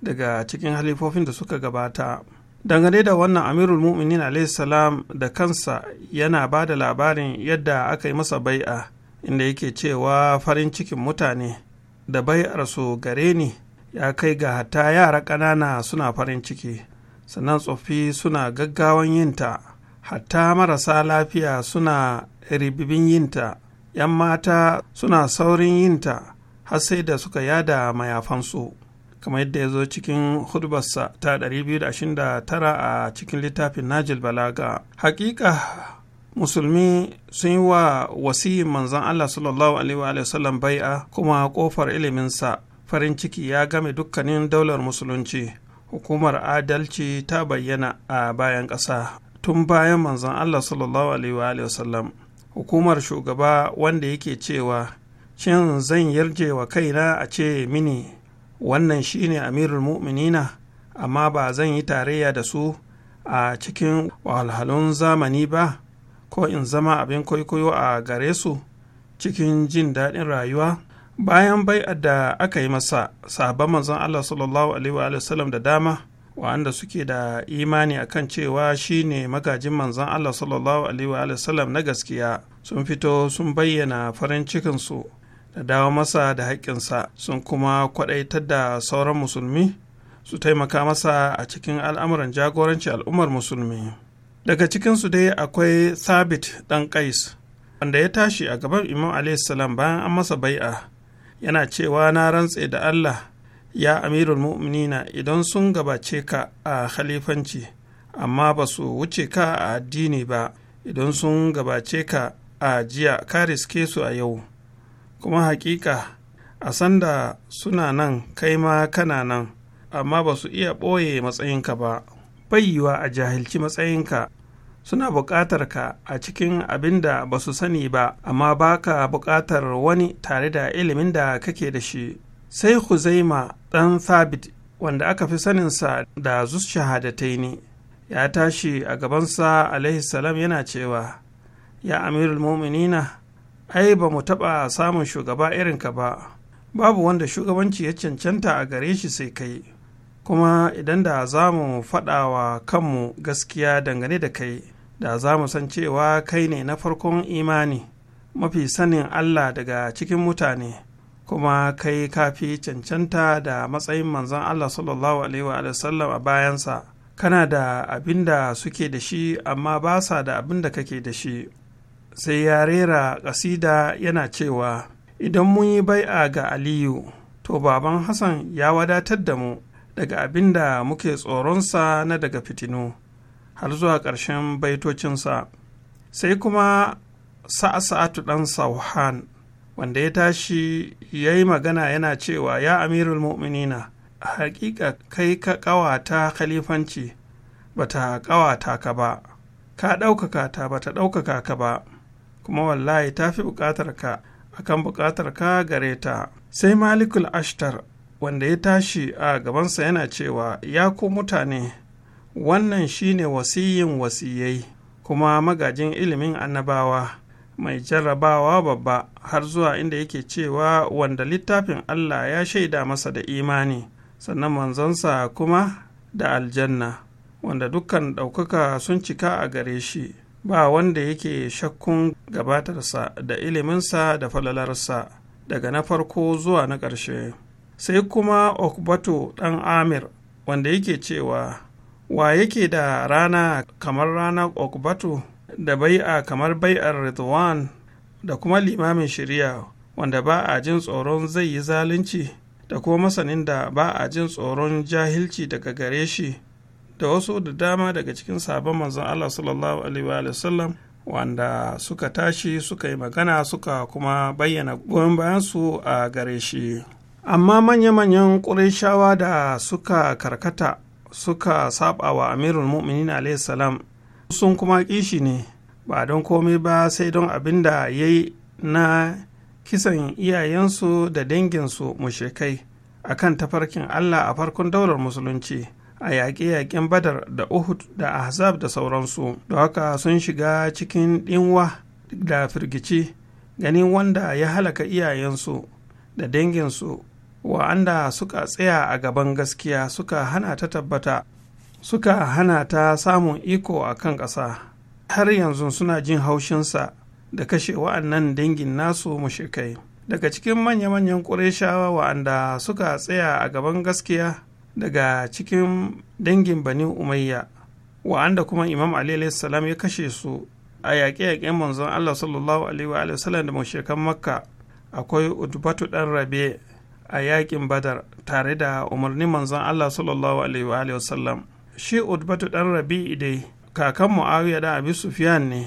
daga cikin halifofin da suka gabata dangane da wannan amirul mu'minin salam da kansa yana ba da labarin yadda aka yi masa bai'a inda yake cewa farin cikin mutane da bai'arsu su gare ni ya kai ga hatta yara ƙanana suna farin ciki sannan tsoffi suna gaggawan yinta hatta marasa lafiya suna ribibin yinta ‘yan mata suna saurin yinta har sai da suka yada mayafansu kamar yadda ya zo cikin hudubarsa ta 229 a cikin littafin najil balaga hakika musulmi sun yi wa wasiyin manzan allah sallallahu alaihi wa sallam bai'a kuma kofar iliminsa farin ciki ya game dukkanin daular musulunci hukumar adalci ta bayyana a bayan ƙasa tun bayan manzon Allah sallallahu alaihi wasallam hukumar shugaba wanda yake cewa shin zan yarje wa kaina a ce mini wannan shine amirul mu'minina amma ba zan yi tarayya da su a cikin wahalhalun zamani ba ko in zama abin kwaikwayo a gare su cikin jin daɗin rayuwa bayan bai da aka yi masa sabon manzon Allah sallallahu alaihi da dama wa'anda suke da imani a kan cewa shi ne magajin manzan Allah sallallahu alaihi na gaskiya sun fito sun bayyana farin cikinsu da dawo masa da haƙƙinsa sun kuma kwaɗaitar da sauran musulmi su taimaka masa a cikin al'amuran jagoranci al'ummar musulmi daga cikinsu dai akwai sabit ɗan ƙais wanda ya tashi a gaban imam salam bayan an masa bai'a yana cewa na rantse da Allah ya amirul mu'minina idan sun gabace ka a khalifanci amma ba su wuce ka a addini ba idan sun gabace ka a jiya ka riske su a yau kuma hakika a sanda suna nan kai ma kana nan amma ba su iya ɓoye matsayinka ba yiwa a jahilci matsayinka suna buƙatar ka a cikin abin da ba su sani ba amma ba ka buƙatar wani tare da ilimin da kake da shi sai huzaima ɗan Thabit wanda aka fi saninsa da zus shahadatai ne ya tashi a gabansa alaihi salam yana cewa ya amirul muminina ai ba mu taɓa samun shugaba irin ka ba babu wanda shugabanci ya cancanta a gare shi sai kai kuma idan da za mu faɗa wa kanmu gaskiya dangane da kai da za mu san cewa kai ne na farkon imani mafi sanin allah daga cikin mutane kuma kai kafi cancanta da matsayin manzon Allah sallallahu alaihi wa sallam a bayansa kana da abin da suke da shi amma ba sa da abin da kake da shi sai ya rera ƙasida yana cewa idan mun yi bai'a ga aliyu to baban hassan ya wadatar da mu daga abin da muke tsoronsa na daga fitinu har zuwa ƙarshen baitocinsa sai kuma sa'a sa'atu ɗan sauhan wanda ya tashi ya yi magana yana cewa ya amirul mu'minina hakika kai ka ƙawata khalifanci bata kawata ka ba ka ɗaukaka ta bata ɗaukaka ka ba kuma wallahi ta fi buƙatar ka akan buƙatar ka gare ta sai malikul ashtar wanda ya tashi a gabansa yana cewa ya ku mutane wannan shine wasiyin wasiyai kuma magajin ilimin annabawa mai jarrabawa babba har zuwa inda yake cewa wanda littafin Allah ya shaida masa da imani sannan manzansa kuma da aljanna wanda dukkan ɗaukaka sun cika a gare shi ba wanda yake shakkun gabatarsa da iliminsa da falalarsa daga na farko zuwa na ƙarshe sai kuma okbato ɗan amir wanda yake cewa wa yake da rana kamar rana okbato da bai'a kamar bai'ar Ridwan da kuma limamin shari'a wanda ba a jin tsoron zai yi zalunci da kuma masanin da ba a jin tsoron jahilci daga gare shi da wasu da dama daga cikin sabon manzon Allah sallallahu alaihi wa wanda suka tashi suka yi magana suka kuma bayyana goyon bayansu a gare shi amma manya-manyan da suka karkata suka saba wa amirul mu'minin salam sun kuma kishi ne ba don komai ba sai don abin da ya yi na kisan iyayensu da danginsu mu mushrikai a kan tafarkin Allah a farkon daular musulunci a yaƙe-yaƙen badar da uhud da ahzab da sauransu da haka sun shiga cikin ɗinwa da firgici ganin wanda ya halaka iyayensu da danginsu wa'anda suka tsaya a gaban gaskiya suka hana ta tabbata suka hana ta samun iko a kan ƙasa har yanzu suna jin haushinsa da kashe wa'annan dangin nasu mushrikai daga cikin manya-manyan ƙureshawa wa'anda suka tsaya a gaban gaskiya daga cikin dangin bani umayya wa'anda kuma imam ali ya kashe su a yaƙe-yaƙen manzon allah sallallahu alaihi wa sallam da mushrikan makka akwai utubatu ɗan rabe a yaƙin badar tare da umarnin manzon allah sallallahu alaihi wa sallam shi utbatu ɗan rabi'i dai kakan mu'awiya da abi sufyan ne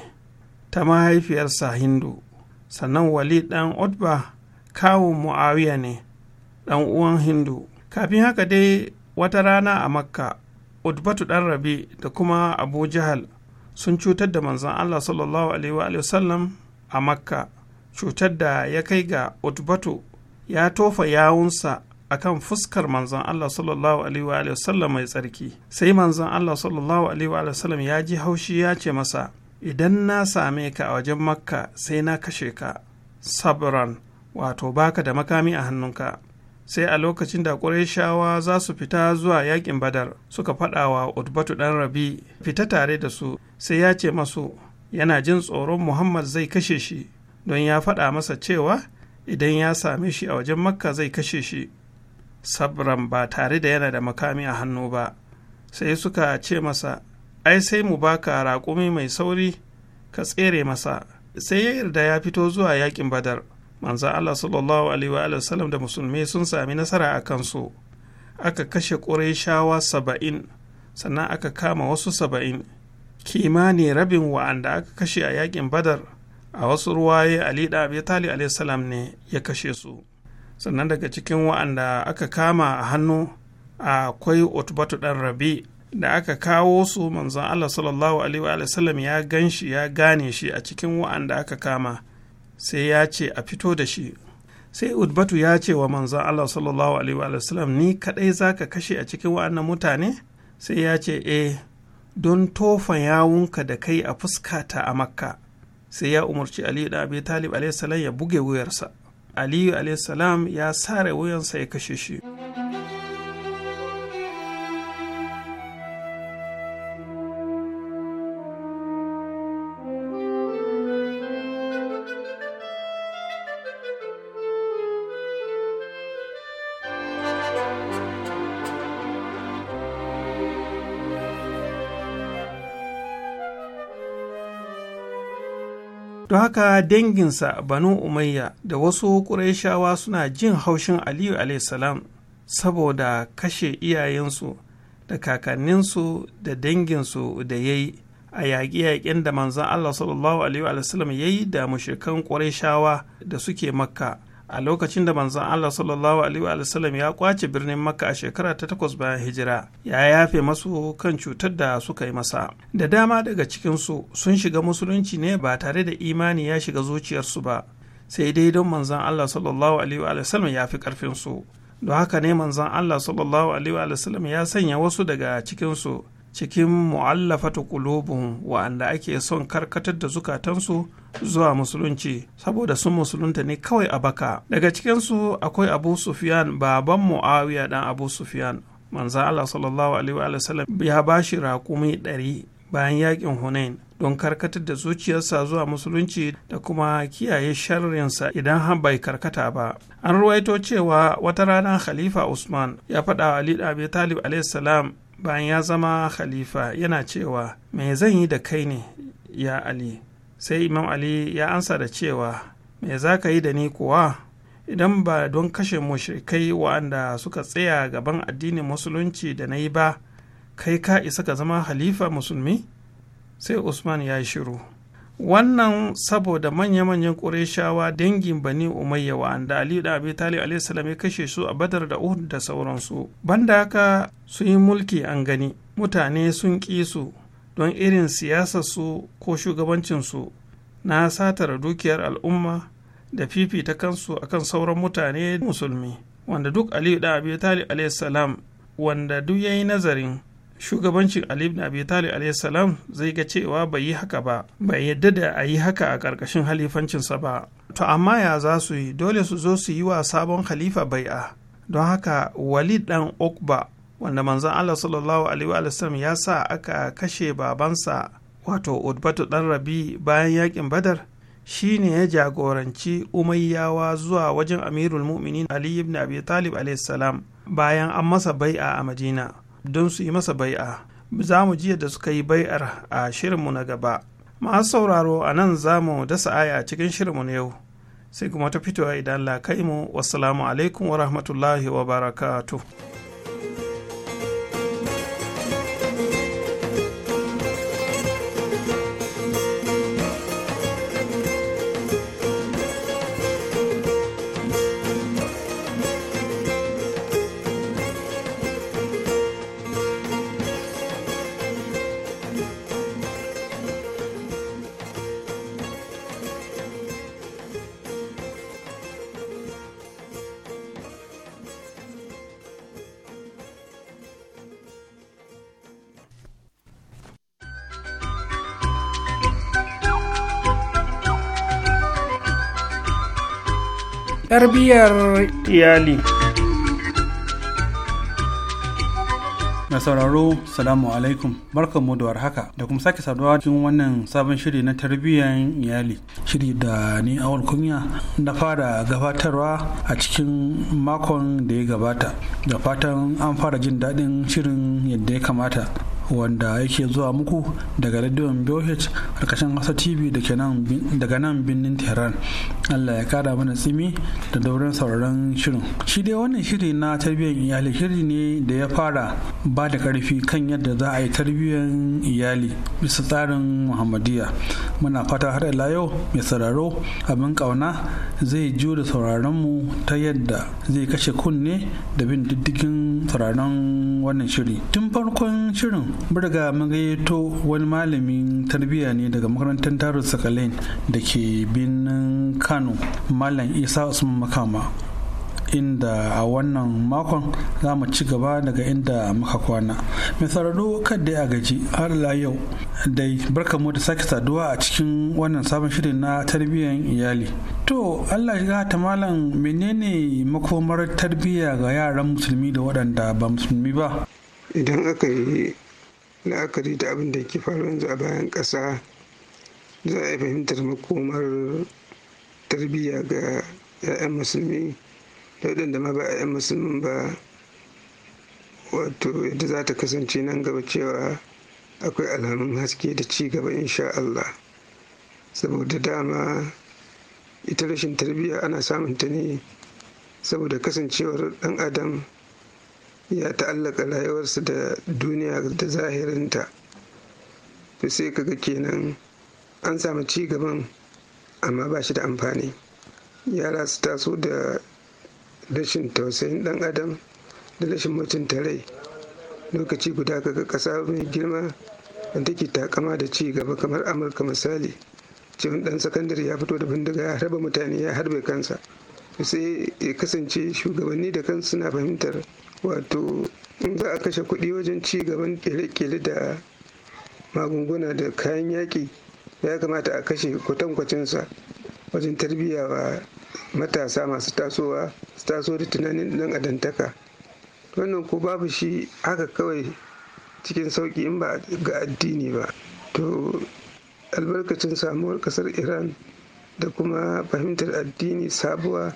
ta mahaifiyarsa hindu sannan wali ɗan utba kawun mu'awiya ne ɗan uwan hindu kafin haka dai wata rana a makka utbatu ɗan rabi da kuma abu jahal sun cutar da manzan allah sallallahu alaihi wa a makka cutar da ya kai ga utbatu ya tofa yawunsa akan fuskar manzon Allah sallallahu alaihi wa sallam mai tsarki sai manzon Allah sallallahu alaihi wa sallam ya ji haushi ya ce masa idan na same ka a wajen makka sai na kashe ka sabran wato baka da makami a hannunka sai a lokacin da qurayshawa za su fita zuwa yakin badar suka faɗawa wa utbatu ɗan rabi fita tare da su sai ya ce masu yana jin tsoron muhammad zai kashe shi don ya faɗa masa cewa idan ya same shi a wajen makka zai kashe shi sabran ba tare da yana da makami a hannu ba sai suka ce masa ai sai mu baka raƙumi mai sauri ka tsere masa sai ya yarda ya fito zuwa yakin badar manzan Allah sallallahu alaihi wa sallam da musulmi sun sami nasara a kansu aka kashe ƙurayshawa saba'in sannan aka kama wasu saba'in kimanin rabin wa'anda aka kashe a yakin badar a wasu ruwaye ali da abi talib ne ya kashe su sannan daga cikin wa'anda aka kama a hannu akwai utbatu ɗan rabi da aka kawo su manzon Allah sallallahu alaihi wa ya gan shi ya gane shi a cikin wa'anda aka kama sai ya ce a fito da shi sai utbatu ya ce wa manzon Allah sallallahu alaihi wa sallam ni kadai zaka kashe a cikin wa'annan mutane sai ya ce eh don tofa yawunka da kai a fuskata a makka sai ya umarci ali da abi talib alaihi ya buge wuyarsa aliyu a.s. ya sare wuyansa ya kashe shi To haka danginsa Banu Umayya da wasu Qurayshawa suna jin haushin Aliyu salam saboda kashe iyayensu da kakanninsu da danginsu da ya yi a yaƙi-yaƙin da manzan Allah sallallahu Alaihi wasallam ya yi da mashekan Qurayshawa da suke Makka. a lokacin da manzon Allah sallallahu alaihi wa ya kwace birnin Makka a shekara ta takwas bayan hijira ya yafe masu kan cutar da suka yi masa da dama daga cikinsu sun shiga musulunci ne ba tare da imani ya shiga zuciyarsu ba sai dai don manzon Allah sallallahu alaihi wa ya fi karfin su don haka ne manzon Allah sallallahu alaihi wa ya sanya wasu daga cikinsu cikin mu'allafatu kulubun wa'anda ake son karkatar da zukatansu zuwa musulunci saboda sun musulunta ne kawai a baka daga cikinsu akwai abu Sufiyan baban mu'awiya dan abu sufyan manzan allah sallallahu alaihi wa sallam ya bashi raƙumi ɗari bayan yakin hunain don karkatar da zuciyarsa zuwa musulunci da kuma kiyaye sharrinsa idan har bai karkata ba an ruwaito cewa wata ranar khalifa usman ya faɗa wa ali abi talib salam bayan ya zama khalifa yana cewa me zan yi da kai ne ya ali sai imam ali ya ansa da cewa me za ka yi da ni kuwa idan ba don kashe mushrikai wa'anda suka tsaya gaban addinin musulunci da na yi ba kai ka isa ka zama Khalifa musulmi sai usman ya shiru wannan saboda manya-manyan ƙureshawa dangin bani umayya wa'anda aliyu da abi talib alaihissalam ya kashe su a badar da uhud da sauransu banda haka sun yi mulki an gani mutane sun ƙi su don irin siyasarsu ko shugabancinsu na satar dukiyar al'umma da fifita kansu akan sauran mutane musulmi wanda duk aliyu da abi talib alaihissalam wanda duk yayi nazarin shugabancin Ali ibn Abi Talib alayhi salam zai ga cewa bai yi haka ba bai yadda da a yi haka a ƙarƙashin halifancinsa ba to amma ya za su yi dole su zo su yi wa sabon khalifa bai'a don haka Walid dan Ukba wanda manzon Allah sallallahu alaihi wa sallam ya sa aka kashe babansa wato Utbatu dan Rabi bayan yakin Badar shi ne ya jagoranci umayyawa zuwa wajen amirul mu'minin Ali ibn Abi Talib alayhi salam bayan an masa bai'a a Madina don su yi masa bai'a za mu ji da suka yi bai'ar a shirinmu na gaba masu sauraro a nan za mu dasa aya a cikin shirinmu na yau sai kuma ta fitowa idan la kai mu wasu alaikum wa rahmatullahi wa barakatuh tarbiyyar iyali na sauraro salamu alaikum barkanmu da haka? da kuma sake saduwa cikin wannan sabon shiri na tarbiyyar iyali shiri da ni awal kunya na fara gabatarwa a cikin makon da ya gabata da fatan an fara jin daɗin shirin yadda ya kamata wanda yake zuwa muku daga radiyon BOH karkashin wasa TV daga nan birnin Tehran. Allah ya kara mana tsimi da dauran sauraron shirin. Shi dai wannan shiri na tarbiyyar iyali shiri ne da ya fara ba da karfi kan yadda za a yi tarbiyyar iyali bisa tsarin Muhammadiyya. Muna fata har ila yau mai sauraro abin kauna zai jure sauraron mu ta yadda zai kashe kunne da bin diddigin sauraron wannan shiri. Tun farkon shirin burga magaito wani malamin tarbiyya ne daga makarantar darul sakalain da ke birnin kano malam isa usman makama inda a wannan makon za mu ci gaba daga inda muka kwana mai sarado kan da ya gaji har la yau dai barka mu da sake saduwa a cikin wannan sabon shirin na tarbiyyar iyali to allah ya ta malam menene makomar tarbiyya ga yaran musulmi da waɗanda ba musulmi ba idan aka yi la'akari da abin da ke faru yanzu a bayan ƙasa za a fahimtar makomar tarbiyya ga 'ya'yan musulmi da waɗanda ma ba 'ya'yan musulmin ba wato yadda za ta kasance nan gaba cewa akwai alamun haske da ci gaba insha Allah saboda dama ita rashin tarbiyya ana samun ta ne saboda kasancewar ɗan adam ya ta'allaka rayuwarsa da duniya da zahirinta to sai kaga kenan an samu ci gaban amma ba shi da amfani yara su taso da rashin tausayin dan adam da rashin mutunta rai lokaci guda kaga ƙasa mai girma da take takama da ci gaba kamar amurka misali cewa dan sakandare ya fito da bindiga ya harba mutane ya harbe kansa sai ya kasance shugabanni da kansu suna fahimtar wato za a kashe kuɗi wajen ci gaban kere-kere da magunguna da kayan yaƙi ya kamata a kashe kwatankwacinsa wajen tarbiyya wa matasa masu tasowa su taso da tunanin ɗan adantaka wannan ko babu shi haka kawai cikin sauƙi in ba ga addini ba to albarkacin samuwar ƙasar iran da kuma fahimtar addini sabuwa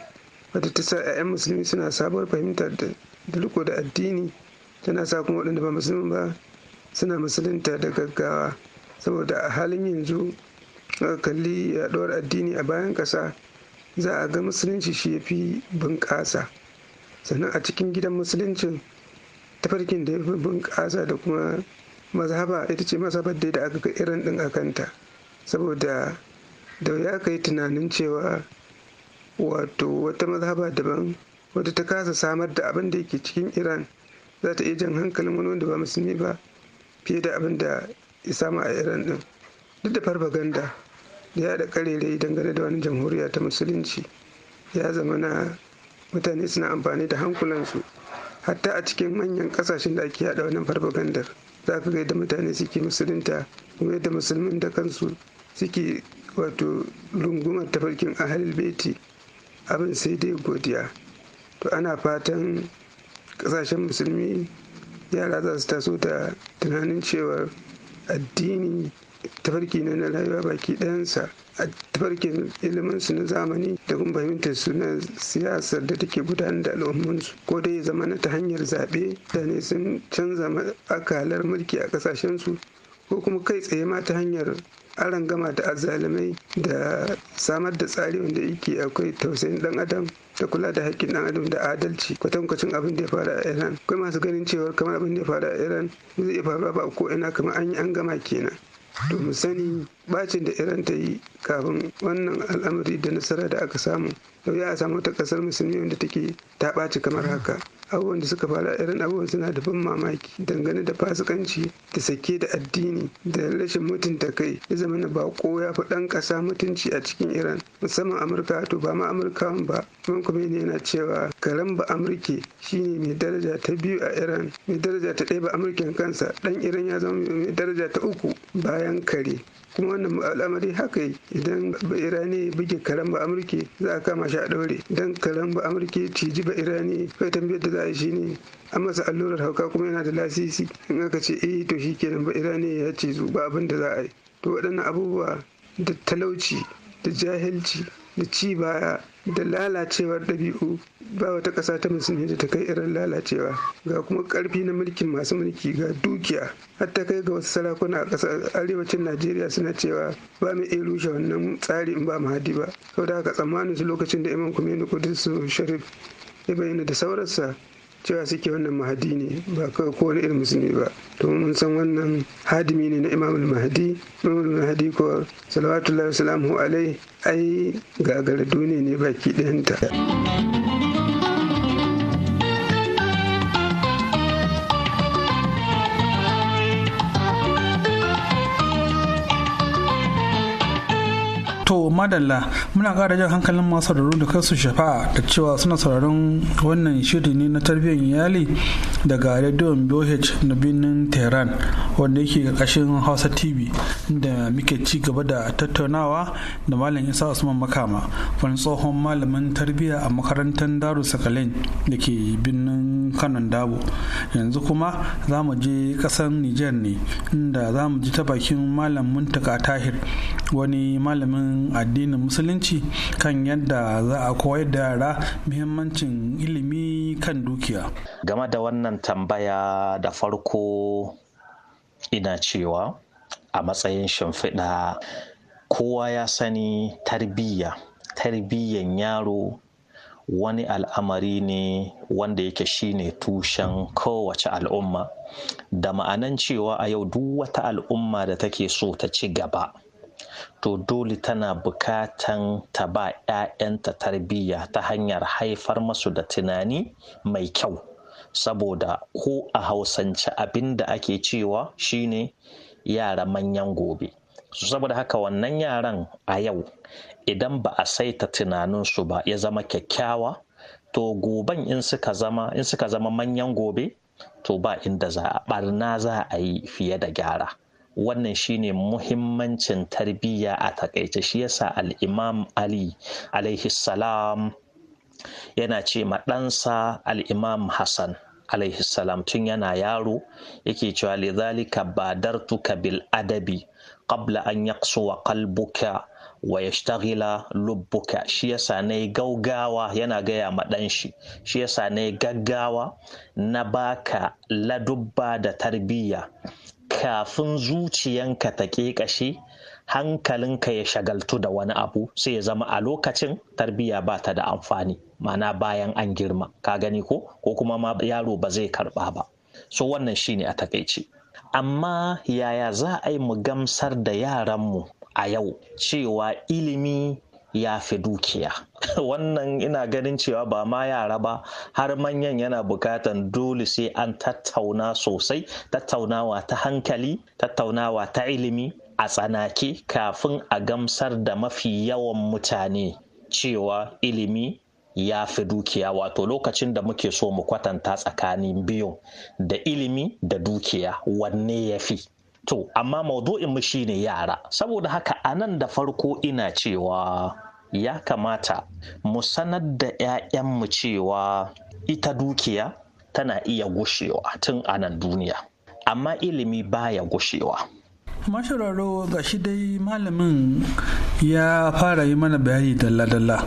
wadda ta sa 'ya'yan musulmi suna sabuwar fahimtar da da da addini tana sa kuma waɗanda ba musulmi ba suna musulunta da gaggawa saboda a halin yanzu aka kalli yaɗuwar addini a bayan ƙasa za a ga musulunci shi ya fi bunƙasa sannan a cikin gidan musuluncin tafarkin da ya fi bunƙasa da kuma mazhaba ita ce mazhabar da aka ga irin ɗin a kanta saboda da ya kai tunanin cewa wato wata mazhaba daban wadda ta kasa samar da abin da yake cikin iran za ta iya jan hankalin wani wanda ba musulmi ba fiye da abin da ya samu a iran din duk da farfaganda da ya da karere dangane da wani jamhuriya ta musulunci ya zama na mutane suna amfani da hankulansu hatta a cikin manyan kasashen da ake yada wannan farfagandar za ka ga yadda mutane suke musulunta kuma yadda musulmin da kansu suke wato rungumar tafarkin ahalil beti abin sai dai godiya to ana fatan kasashen musulmi yara za su taso ta tunanin cewa addini tafarki ne na rayuwa baki ɗayansa a tafarkin iliminsu na zamani da kuma fahimtar su na siyasar da take gudanar da al'ummansu ko dai ya zama na ta hanyar zaɓe da ne sun canza akalar mulki a ƙasashensu ko kuma kai tsaye ma ta hanyar aran gama da azalimai da samar da tsari wanda yake akwai tausayin ɗan adam da kula da haƙƙin ɗan adam da adalci kwatankwacin abin da ya faru a iran akwai masu ganin cewa kamar abin da ya faru a iran zai iya faruwa ba ko ina kamar an yi an gama kenan to mu sani bacin da iran ta yi kafin wannan al'amari da nasara da aka samu yau ya samu ta kasar musulmi wanda take ta ɓaci kamar haka abubuwan da suka faru a irin abubuwan suna da ban mamaki dangane da fasikanci da sake da addini da rashin mutunta kai ya zama na bako ya fi ɗan ƙasa mutunci a cikin iran musamman amurka to ba ma amurkawan ba ban kuma ne yana cewa karen ba amurke shine mai daraja ta biyu a iran mai daraja ta ɗaya ba amurken kansa ɗan iran ya zama mai daraja ta uku bayan kare kuma wannan al'amari haka yi idan ba irani buge karen ba amurki za a kama shi a ɗaure idan karen ba amurke ciji ba irani kai tambayar da za a yi ne an masa allurar hauka kuma yana da lasisi in aka ce eh to shi kenan ba irani ya ce ba abin da za a yi to waɗannan abubuwa da talauci da jahilci da ci baya da lalacewar ɗabi'u ba wata ƙasa ta musulmi da ta kai irin lalacewa ga kuma ƙarfi na mulkin masu mulki ga dukiya har ta kai ga wasu sarakuna a ƙasar arewacin najeriya suna cewa ba mu iya rushe wannan tsari in ba mu hadi ba saboda haka tsammanin su lokacin da imam kumenu kudus sharif ya bayyana da sauransa cewa suke wannan mahadi ne ba kawai wani irin musulmi ba to mun san wannan hadimi ne na imamul mahadi imamul mahadi ko salawatullahi wasalamu alai ai gagara duniya ne baki ɗayanta. to madalla muna kara jan hankalin masu da da kansu shafa da cewa suna sauraron wannan shiri ne na tarbiyyar iyali daga rediyon boh na birnin tehran wanda yake ƙarƙashin hausa tv da muke ci gaba da tattaunawa da malam isa usman makama wani tsohon malamin tarbiyya a makarantar daru sakalin da ke birnin kanan dabo yanzu kuma za mu je kasan nijar ne inda za mu ji ta bakin malam muntaka tahir wani malamin addinin musulunci kan yadda za a koyar da yara muhimmancin ilimi kan dukiya game da wannan tambaya da farko ina cewa a matsayin shimfiɗa kowa ya sani tarbiyya tarbiyyan yaro wani al'amari ne wanda yake shine tushen kowace al'umma da ma'anan cewa a yau duk wata al'umma da take so ta ci gaba to dole tana bukatan ta ba 'ya'yanta tarbiyya ta hanyar haifar masu da tunani mai kyau saboda ko a hausance abin da ake cewa shine yara manyan gobe saboda haka wannan yaran a yau idan ba a saita tunaninsu ba ya zama kyakkyawa to goben in suka zama manyan gobe to ba inda za a barna za a yi fiye da gyara wannan shine muhimmancin tarbiyya a takaice shi yasa al'imam ali alaihi salam yana ce ma ɗansa al hassan alaihi salam tun yana yaro yake cewa lidhalika badartuka bil adabi qabla an yaqsuwa qalbuka wa yashtaghila lubbuka shi yasa ne gaugawa yana gaya ma ɗan shi shi yasa ne gaggawa na baka ladubba da tarbiyya kafin zuciyanka ta ƙeƙashe hankalinka ya shagaltu da wani abu sai ya zama a lokacin tarbiyya ba ta da amfani mana bayan an girma ka gani ko ko kuma ma yaro ba zai karɓa ba so wannan shi ne a takaice amma yaya za a yi mu gamsar da yaranmu a yau cewa ilimi ya fi dukiya wannan ina ganin cewa ba ma yara ba har manyan yana bukatan dole sai an tattauna sosai tattaunawa ta hankali tattaunawa ta ilimi a tsanake kafin a gamsar da mafi yawan mutane cewa ilimi ya fi dukiya wato lokacin da muke so mu kwatanta tsakanin biyun da ilimi da dukiya wanne ya fi To, amma maudu'in mu shine yara. Saboda haka a nan da farko ina cewa ya kamata mu sanar da 'ya'yanmu cewa ita dukiya tana iya gushewa tun a nan duniya. Amma ilimi baya gushewa. mashiraro ga shi dai malamin ya fara yi mana bayani dalla-dalla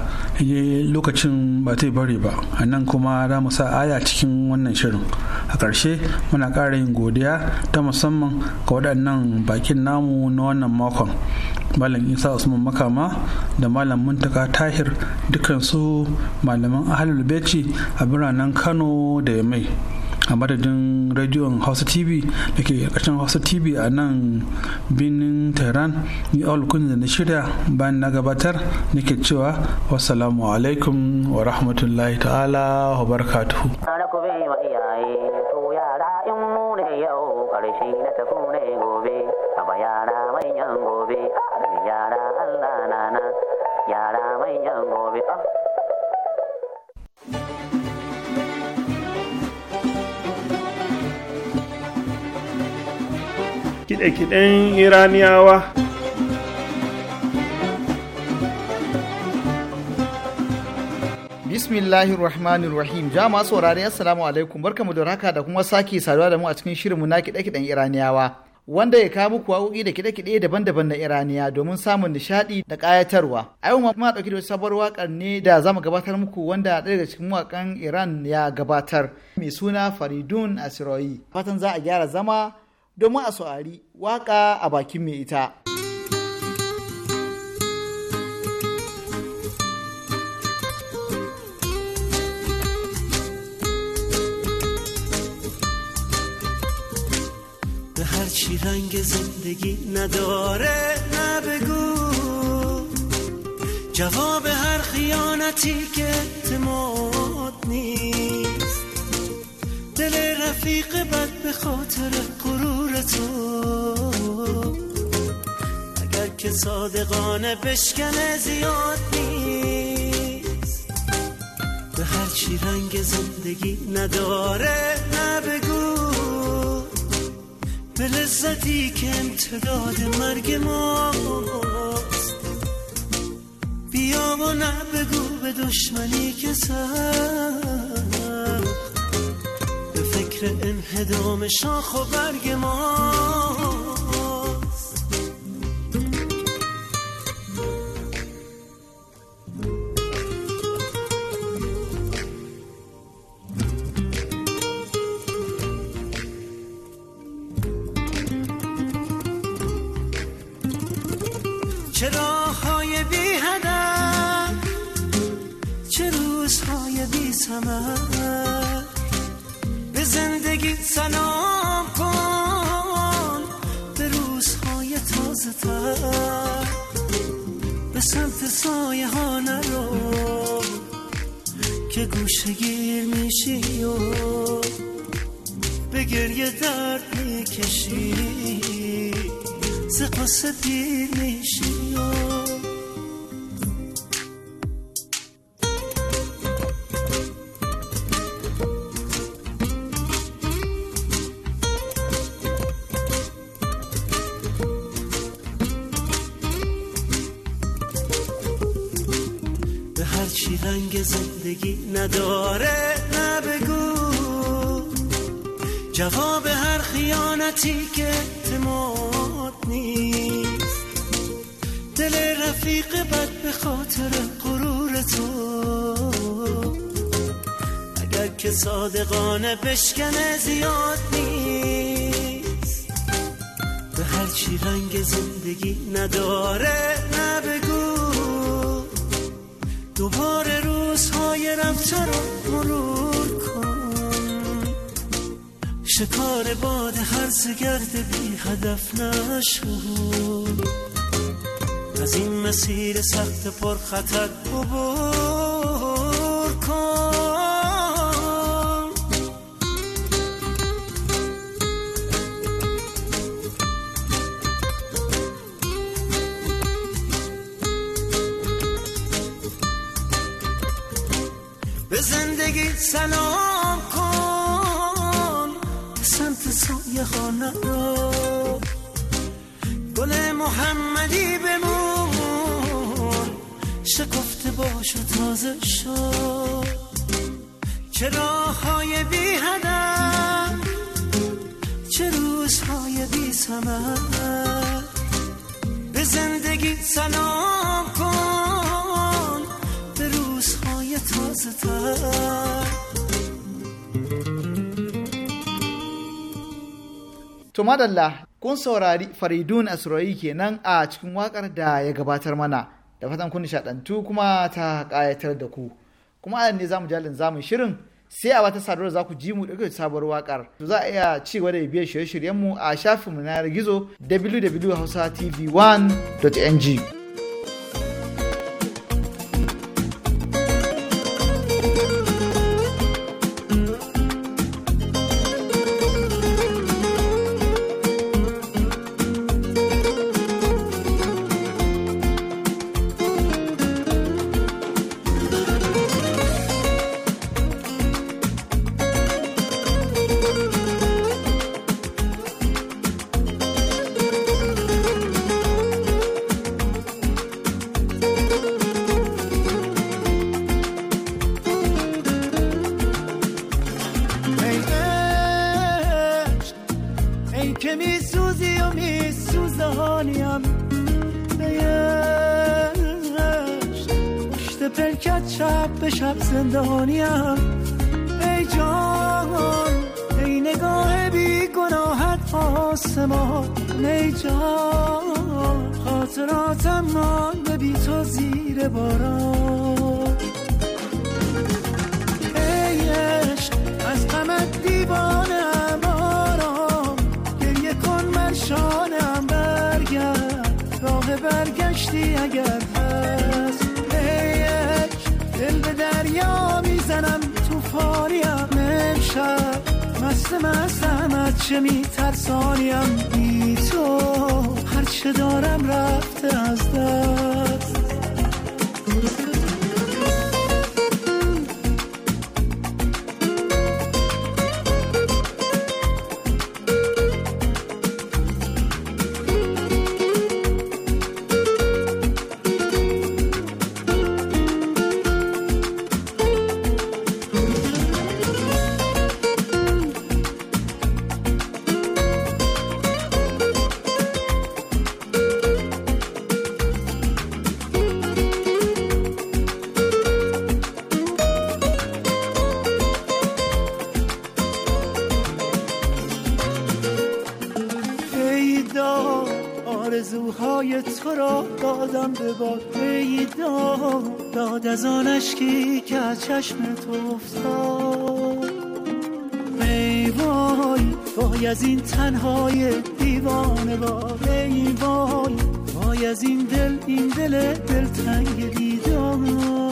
lokacin ba ta bari ba a nan kuma za mu sa aya cikin wannan shirin a ƙarshe muna ƙara yin godiya ta musamman ga waɗannan bakin namu na wannan makon malam isa usman makama da malam muntaka tahir dukansu malaman ahalul beci a biranen kano da ya mai a madadin rediyon hausa tv da ke karshen hausa tv a nan birnin tehran ni awal da na shirya bayan na gabatar nake cewa wasalamu alaikum wa rahmatullahi ta'ala wa barkatu. kide-kiden iraniyawa bismillahir rahmanir rahim jama saurare assalamu alaikum barkamu da raka da kuma sake saduwa da mu a cikin shirinmu na kiɗe-kiɗen iraniyawa wanda ya kawo muku waƙoƙi da kiɗe-kiɗe daban-daban na iraniya domin samun nishadi da ƙayatarwa a yau ma ɗauki da sabuwar waƙar ne da za mu gabatar muku wanda ɗaya daga cikin waƙan iran ya gabatar mai suna faridun asiroyi fatan za a gyara zama domin a saurari waka a bakin mai ita. به هرچی رنگ زندگی نداره نبگو جواب هر خیانتی که اعتماد نیست دل رفیق بد به خاطر قرور تو اگر که صادقانه بشکنه زیاد نیست به هرچی رنگ زندگی نداره نبگو به لذتی که امتداد مرگ ماست بیا و نبگو به دشمنی که سر فکر انهدام شاخ خب و برگ ما حالتی که اعتماد نیست دل رفیق بد به خاطر قرور تو اگر که صادقانه بشکنه سیر سخت پر خطر بود To madalla kun saurari faridun asroyi kenan a cikin wakar da ya gabatar mana da fatan kun nishadantu kuma ta kayatar da ku. Kuma anan ne zamu jalin zamu shirin sai a wata sadarwar za ku ji mu daga sabuwar wakar. To za a iya ci gaba da biyan shirye mu a shafinmu na gizo wwwhausatv 1ng تو را دادم به باد پیدا داد از آن عشقی که از چشم تو افتاد ای وای وای از این تنهای دیوانه باد ای وای وای از این دل این دل دلتنگ دیدم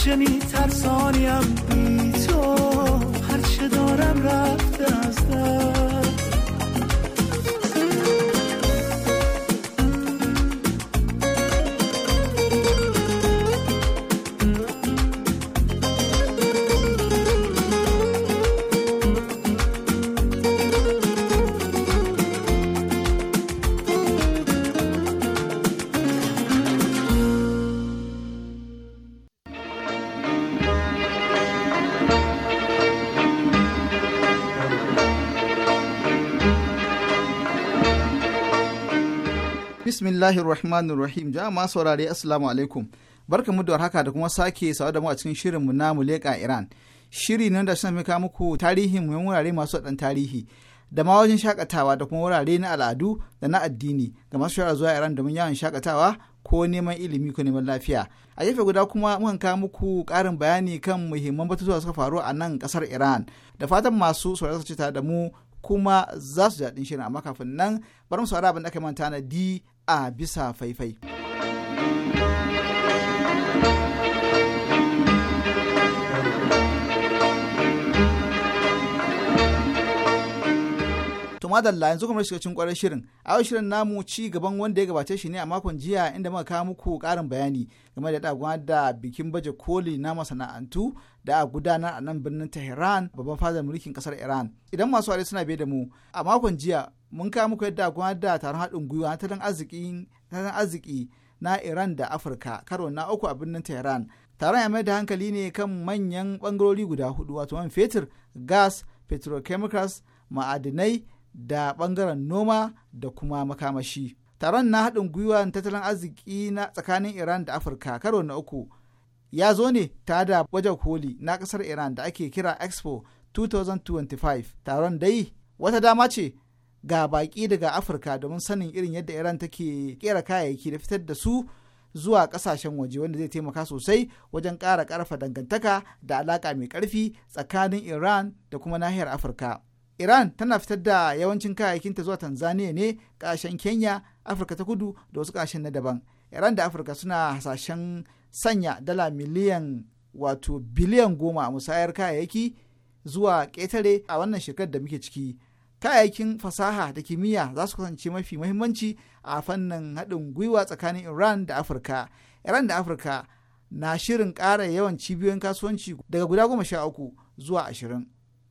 هرچه می ترسانیم بی تو هرچه دارم رفته از دست bismillahir rahmanir rahim jama'a saurare assalamu alaikum barka mu da warhaka da kuma sake sawa da mu a cikin shirin mu na muleka iran shiri nan da suna mika muku tarihi muhimman wurare masu dan tarihi da ma wajen shakatawa da kuma wurare na al'adu da na addini ga masu shara zuwa iran da domin yawon shakatawa ko neman ilimi ko neman lafiya a gefe guda kuma mun kawo muku ƙarin bayani kan muhimman batutuwa suka faru a nan kasar iran da fatan masu saurare su da mu kuma za su daɗin shirin amma kafin nan bari mu saurari abin da aka manta na di a bisa faifai. madalla yanzu kuma shiga cikin kwarar shirin a yau shirin namu ci gaban wanda ya gabace shi ne a makon jiya inda muka kawo muku karin bayani game da dagwa da bikin baje koli na masana'antu da a gudanar a nan birnin Tehran babban fadar mulkin kasar Iran. Idan masu ware suna bai da mu a makon jiya mun kawo muku yadda gudanar da taron haɗin gwiwa na tattalin arziki na Iran da Afirka karo na uku a birnin Tehran. Taron ya mai da hankali ne kan manyan bangarori guda hudu wato man fetur, gas, petrochemicals, ma'adinai da bangaren noma da kuma makamashi. Taron na haɗin gwiwa tattalin arziki na tsakanin Iran da Afirka karo na uku ya zo ne ta da wajen koli na kasar iran da ake kira expo 2025 taron dai wata dama ce ga baki daga afirka domin sanin irin yadda iran take kera kayayyaki da fitar da su zuwa kasashen waje wanda zai taimaka sosai wajen kara ƙarfa dangantaka da alaƙa mai karfi tsakanin iran da kuma nahiyar afirka iran tana fitar da yawancin kayayyakinta zuwa tanzania ne kashen kenya afirka ta kudu da wasu kasashen na daban iran da afirka suna hasashen sanya dala miliyan wato biliyan goma a musayar kayayyaki zuwa ƙetare a wannan shekarar da muke ciki kayayyakin fasaha da kimiyya za su kasance mafi mahimmanci a fannin haɗin gwiwa tsakanin iran da afirka iran da afirka na shirin ƙara yawan cibiyoyin kasuwanci daga guda goma sha uku zuwa ashirin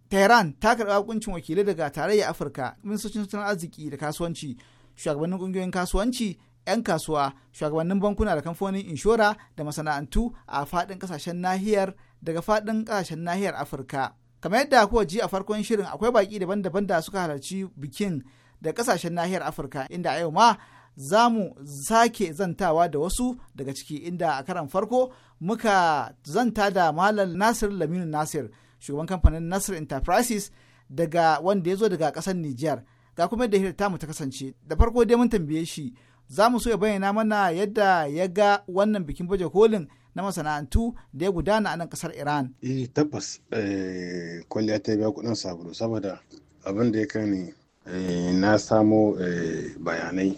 tehran ta karɓi hukuncin wakilai daga tarayyar afirka ministocin tattalin arziki da kasuwanci shugabannin ƙungiyoyin kasuwanci 'yan kasuwa shugabannin bankuna da kamfanin inshora da masana'antu a faɗin ƙasashen nahiyar daga faɗin ƙasashen nahiyar afirka kamar yadda kuwa ji a farkon shirin akwai baƙi daban-daban da suka halarci bikin da ƙasashen nahiyar afirka inda a yau ma za mu sake zantawa da wasu daga ciki inda a karan farko muka zanta da malam nasir laminu nasir shugaban kamfanin nasir enterprises daga wanda ya zo daga ƙasar niger ga kuma yadda hira mu ta kasance da farko dai mun tambaye shi za mu so ya bayyana mana yadda ya ga wannan bikin baje kolin na masana'antu da ya gudana a nan kasar iran eh tabbas eh, kwalliya ta biya kudin sabulu saboda abin da ya kani eh, na samo eh, bayanai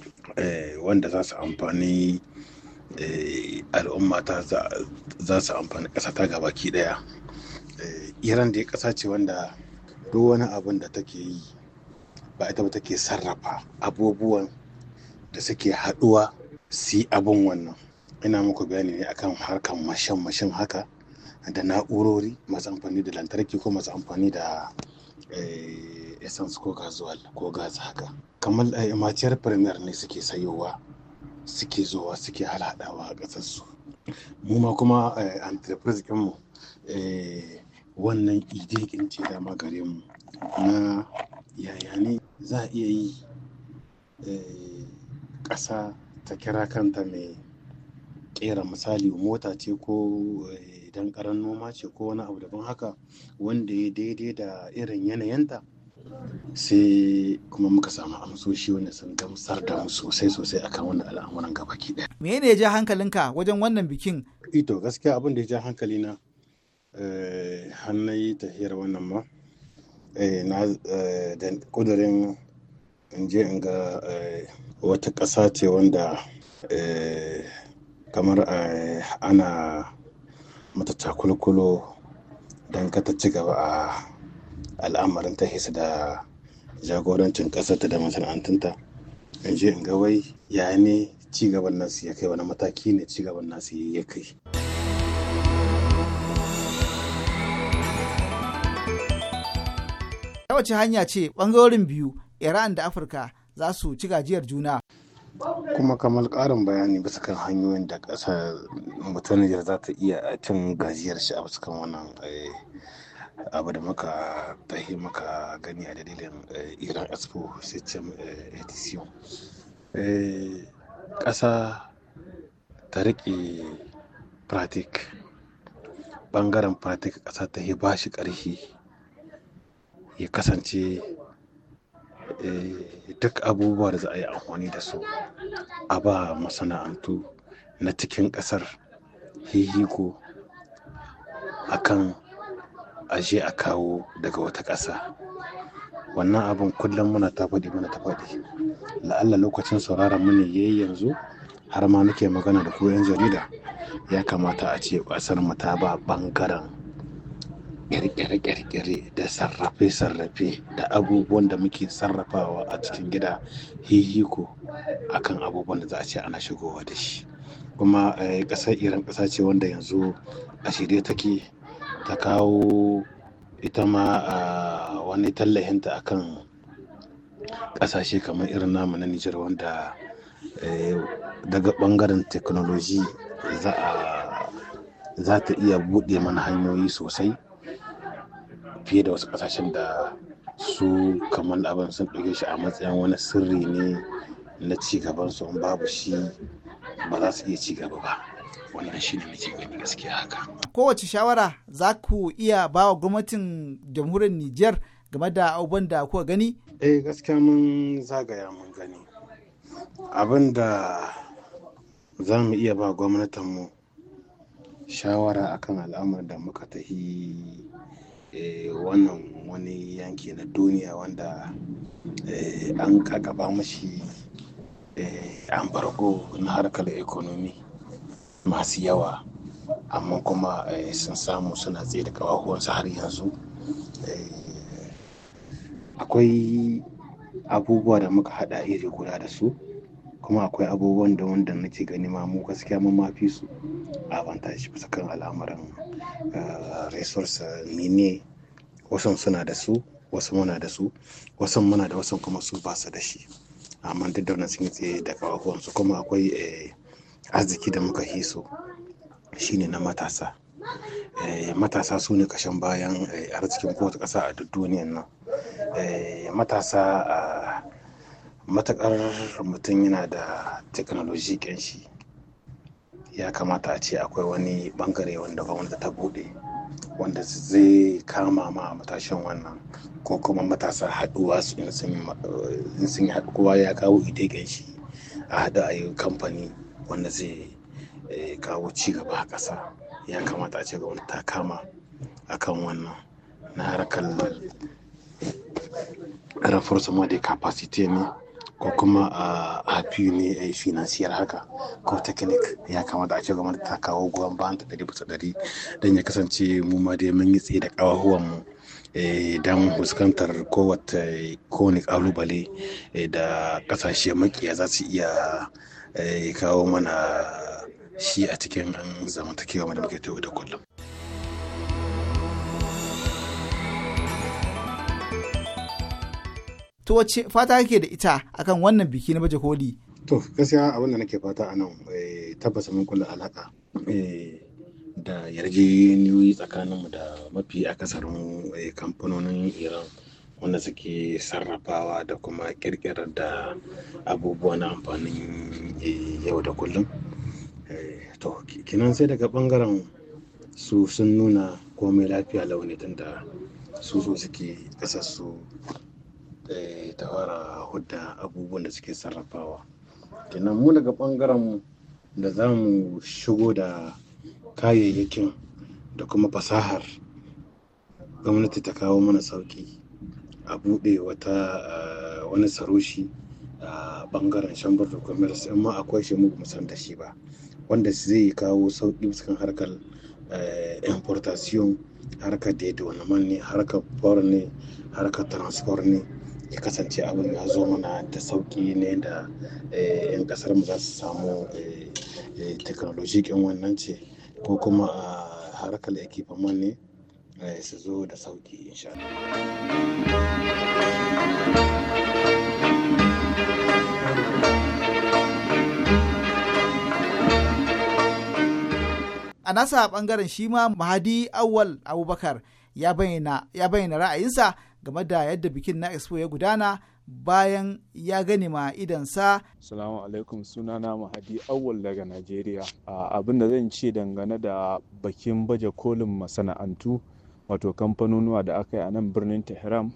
wanda za su amfani al'umma ta za su amfani ƙasa ta gabaki daya iran da ya ƙasa ce wanda duk wani abin da take yi ba ita ba take sarrafa abubuwan da suke haɗuwa su yi abin wannan ina muku bayani ne akan harkan mashin mashin haka da na'urori masu amfani da lantarki ko masu amfani da eh, essence ko gazuwa ko gas haka kamar eh, matiyar premier ne suke sayowa suke zuwa, suke halaɗawa a ƙasarsu mu ma kuma eh, entreprise wannan idikin ce dama gare mu na yaya za a iya yi ƙasa ta kira kanta mai ƙera misali mota ce ko idan eh, karan noma ce ko wani abu daban haka wanda ya daidai da irin yanayinta sai kuma muka samu amsoshi wanda sun gamsar da mu sosai sosai akan wannan al'amuran gaba ki ɗaya. Me ne ya ja hankalinka wajen wannan bikin? Ito e gaskiya abin da ya ja hankalina eh, hannayi ta hira wannan ma eh, na kudurin in je in ga wata ƙasa ce wanda eh, kamar eh, ana mata cakulkulo don kata ci gaba a al'amarin ta hisa da jagorancin ta da masana'antunta in ji in wai ya ne cigaban nasu ya kai wani mataki ne cigaban nasu ya kai ta hanya ce ɓangarorin biyu iran da afirka za su ci gajiyar juna kuma kamar karin bayani bisa kan hanyoyin da ƙasa mutum Nijar za ta iya cin gajiyar shi a kan wannan eh, abu da muka tahi muka gani a dalilin eh, iran expo system edition eh, ƙasa ta riƙe pratik ɓangaren pratik ƙasa ta yi ba shi ƙarfi ya kasance Eh, duk abubuwa da za a yi amfani da su a ba masana'antu na cikin ƙasar hihiko kan aje a kawo daga wata ƙasa wannan abin kullum muna ta faɗi muna ta faɗi la'alla lokacin sauraron mu ne yayi yanzu har ma nake magana da koyon jarida ya kamata a ce ƙasar mu ta ba ɓangaren kirkire-kirkire da sarrafe-sarrafe da abubuwan da muke sarrafawa a cikin gida hihiko akan abubuwan da za a ce ana shigowa da shi kuma eh, ƙasar iran ƙasa ce wanda yanzu a shirye take ta kawo ita ma a ah, wani tallahinta akan ƙasashe kamar irin namu na nijar wanda eh, daga ɓangaren teknoloji za ta iya buɗe mana hanyoyi sosai fiye da wasu kasashen da su kamar abin sun ɗauke shi a matsayin wani sirri ne na ci gaban su in babu shi ba za su iya ci ba wannan shi ne muke gani gaskiya haka kowace shawara za ku iya ba wa gwamnatin jamhuriyar niger game da abubuwan da kuka gani eh gaskiya mun zagaya mun gani abin da za mu iya ba gwamnatinmu shawara akan al'amarin da muka tahi Eh, wannan wani yanki na duniya wanda eh, an kakaba mashi ambargo eh, na harkar ekonomi masu yawa amma kuma sun samu suna tsaye da kawahuwansu har yanzu akwai abubuwa da muka haɗa iri guda da su kuma akwai abubuwan da wanda nake gani ma mu gaskiya mun fi su avantage bisa kan al'amuran eh, resource mine wasan suna da su wasu muna da su wasan muna da wasan kuma su ba su da shi amma duk da sun yi tsaye da su kuma akwai eh, arziki da muka hiso shine na matasa eh, matasa su ne kashin bayan arzikin kowace kasa a duk duniyan nan matasa ah, matakar mutum yana da teknoloji kenshi ya kamata a ce akwai wani bangare wanda gwamnati ta bude wanda zai kama ma matashin wannan ko kuma matasa haduwa in sun yi kowa ya kawo ita kenshi a haɗu a yi kamfani wanda zai eh, kawo cigaba a ƙasa ya kamata a ce gwamnati ta kama a kan wannan na harkar renforcement des capacités ne ko kuma a fiye ne finansiyar haka ko teknik ya kamata a ce gwamnati ta kawo goyon bayan ta ɗari bisa ɗari don ya kasance mu ma dai mun yi tsaye da ƙawahuwan mu eh, don fuskantar kowace kowane ƙalubale eh, da ƙasashe makiya za su iya eh, kawo mana shi a cikin zamantakewa da muke da kullum. to fata kake da ita akan wannan biki na baje koli to gaskiya abin da nake fata a nan eh, tabbas mun kula alaka eh, da yarjejeniyoyi tsakaninmu da mafi akasarin eh, kamfanonin iran wanda suke sarrafawa da kuma kirkirar da abubuwa na amfanin yau da kullum to kinan sai daga bangaren su sun nuna komai lafiya launi tun da su so suke kasar su Eh, ta fara hudda abubuwan da suke sarrafawa kenan mu daga bangaren da za mu shigo da kayayyakin da kuma fasahar gwamnati ta kawo mana sauki a buɗe wata eh, wani saroshi a bangaren shambar da commerce amma akwai shi mu san da shi ba wanda zai kawo sauki cikin harkar eh, importation harkar da da wani ne harkar ne harkar transport ne ya kasance abin ya zo mana da sauki ne da 'yan eh, kasar mu za su samu eh, eh, teknolojikin wannan ce ko kuma a harkar man ne su zo da sauki insha a nasa bangaren shi ma mahadi awal abubakar ya bayyana ra'ayinsa game da yadda bikin na expo ya gudana bayan ya gani ma idansa. Salamu alaikum suna sunana Mahadi Awal daga Najeriya. Abin da zan ce dangane da bakin baje kolin masana'antu wato kamfanonuwa da aka yi a nan birnin Tehran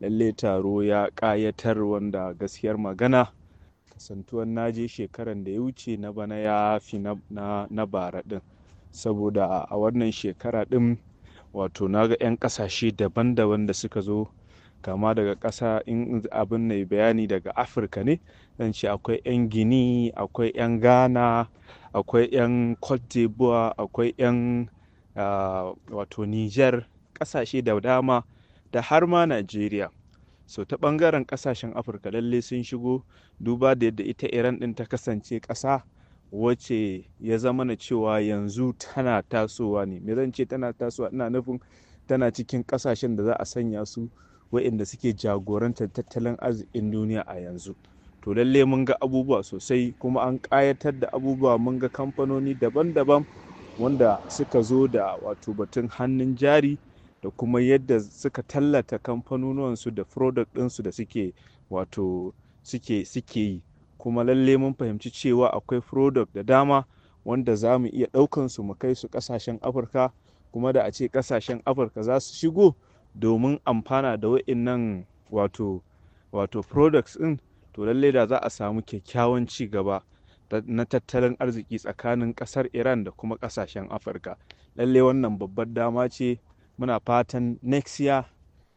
lalle taro ya kayatar wanda gaskiyar magana na je shekaran da ya wuce na bana ya fi na bara din saboda a wannan shekara din wato na ga 'yan kasashe daban-daban da suka zo kama daga ƙasa in abin mai bayani daga afirka ne zan ce akwai 'yan gini akwai 'yan ghana akwai 'yan cote d'ivoire akwai 'yan ah, wato niger ƙasashe da dama da har ma nigeria so ta ɓangaren ƙasashen afirka lalle sun shigo duba da yadda ita iran ɗin ta kasance ƙasa wacce ya zama na cewa yanzu tana tasowa ne me zan ce tana tasowa ina nufin tana cikin kasashen da za a sanya su waɗanda suke jagorantar tattalin arzikin duniya a yanzu to lalle mun ga abubuwa sosai kuma an ƙayatar da abubuwa mun ga kamfanoni daban-daban wanda suka zo da wato batun hannun jari da kuma yadda suka tallata kamfanonuwansu da product ɗinsu da suke wato suke yi kuma lalle mun fahimci cewa akwai product da dama wanda za mu iya ɗaukan su mu kai su kasashen afirka kuma da a ce ƙasashen afirka za su shigo domin amfana da wa'innan wato wato products ɗin to lalle da za a samu kyakkyawan ci gaba na tattalin arziki tsakanin ƙasar iran da kuma ƙasashen afirka lalle wannan babbar dama ce muna fatan next year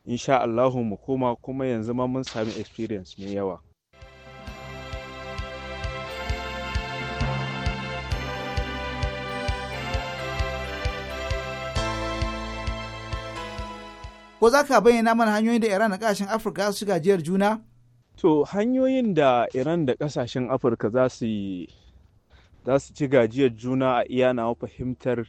insha mu koma kuma yanzu ma mun sami experience mai yawa ko za ka bayyana mana hanyoyin da iran da kasashen afirka su gajiyar juna to hanyoyin da iran da kasashen afirka za su ci gajiyar juna a iya nawa fahimtar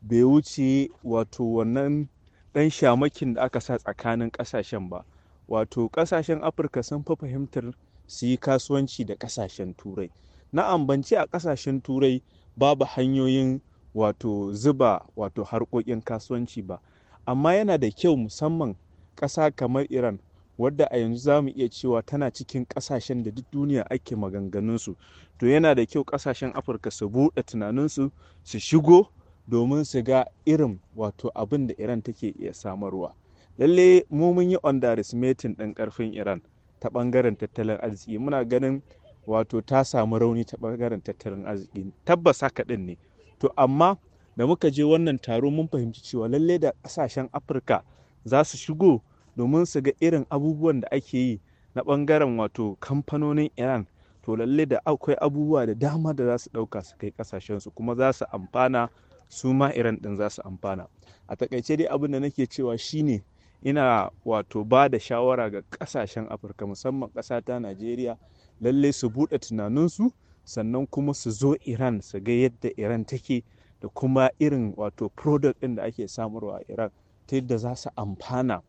bai wuce wato wannan dan shamakin da aka sa tsakanin kasashen ba wato kasashen afirka sun fi fahimtar su yi kasuwanci da kasashen turai na ambanci a kasashen turai babu hanyoyin wato zuba wato harkokin kasuwanci ba amma yana da kyau musamman ƙasa kamar iran wadda a yanzu za mu iya cewa tana cikin ƙasashen da duk duniya ake maganganunsu to yana da kyau ƙasashen afirka su buɗe tunaninsu su shigo domin su ga irin wato abin da iran take iya samarwa lalle mu mun yi underestimating ɗin ƙarfin iran ta ɓangaren tattalin arziki muna ganin wato ta samu rauni ta ɓangaren tattalin arziki tabbas haka ɗin ne to amma da muka je wannan taro mun fahimci cewa lalle da kasashen afirka za su shigo domin su ga irin abubuwan da ake yi na bangaren wato kamfanonin iran to lalle da akwai abubuwa da dama da za su ɗauka su kai ƙasashensu kuma za su amfana su ma iran ɗin za su amfana a takaice dai abin da nake cewa shine ina wato ba da shawara ga kasashen afirka musamman ƙasa ta najeriya lalle su buɗe tunaninsu sannan kuma su zo iran su ga yadda iran take da kuma irin wato product ɗin da ake samarwa a Iran ta yadda za su amfana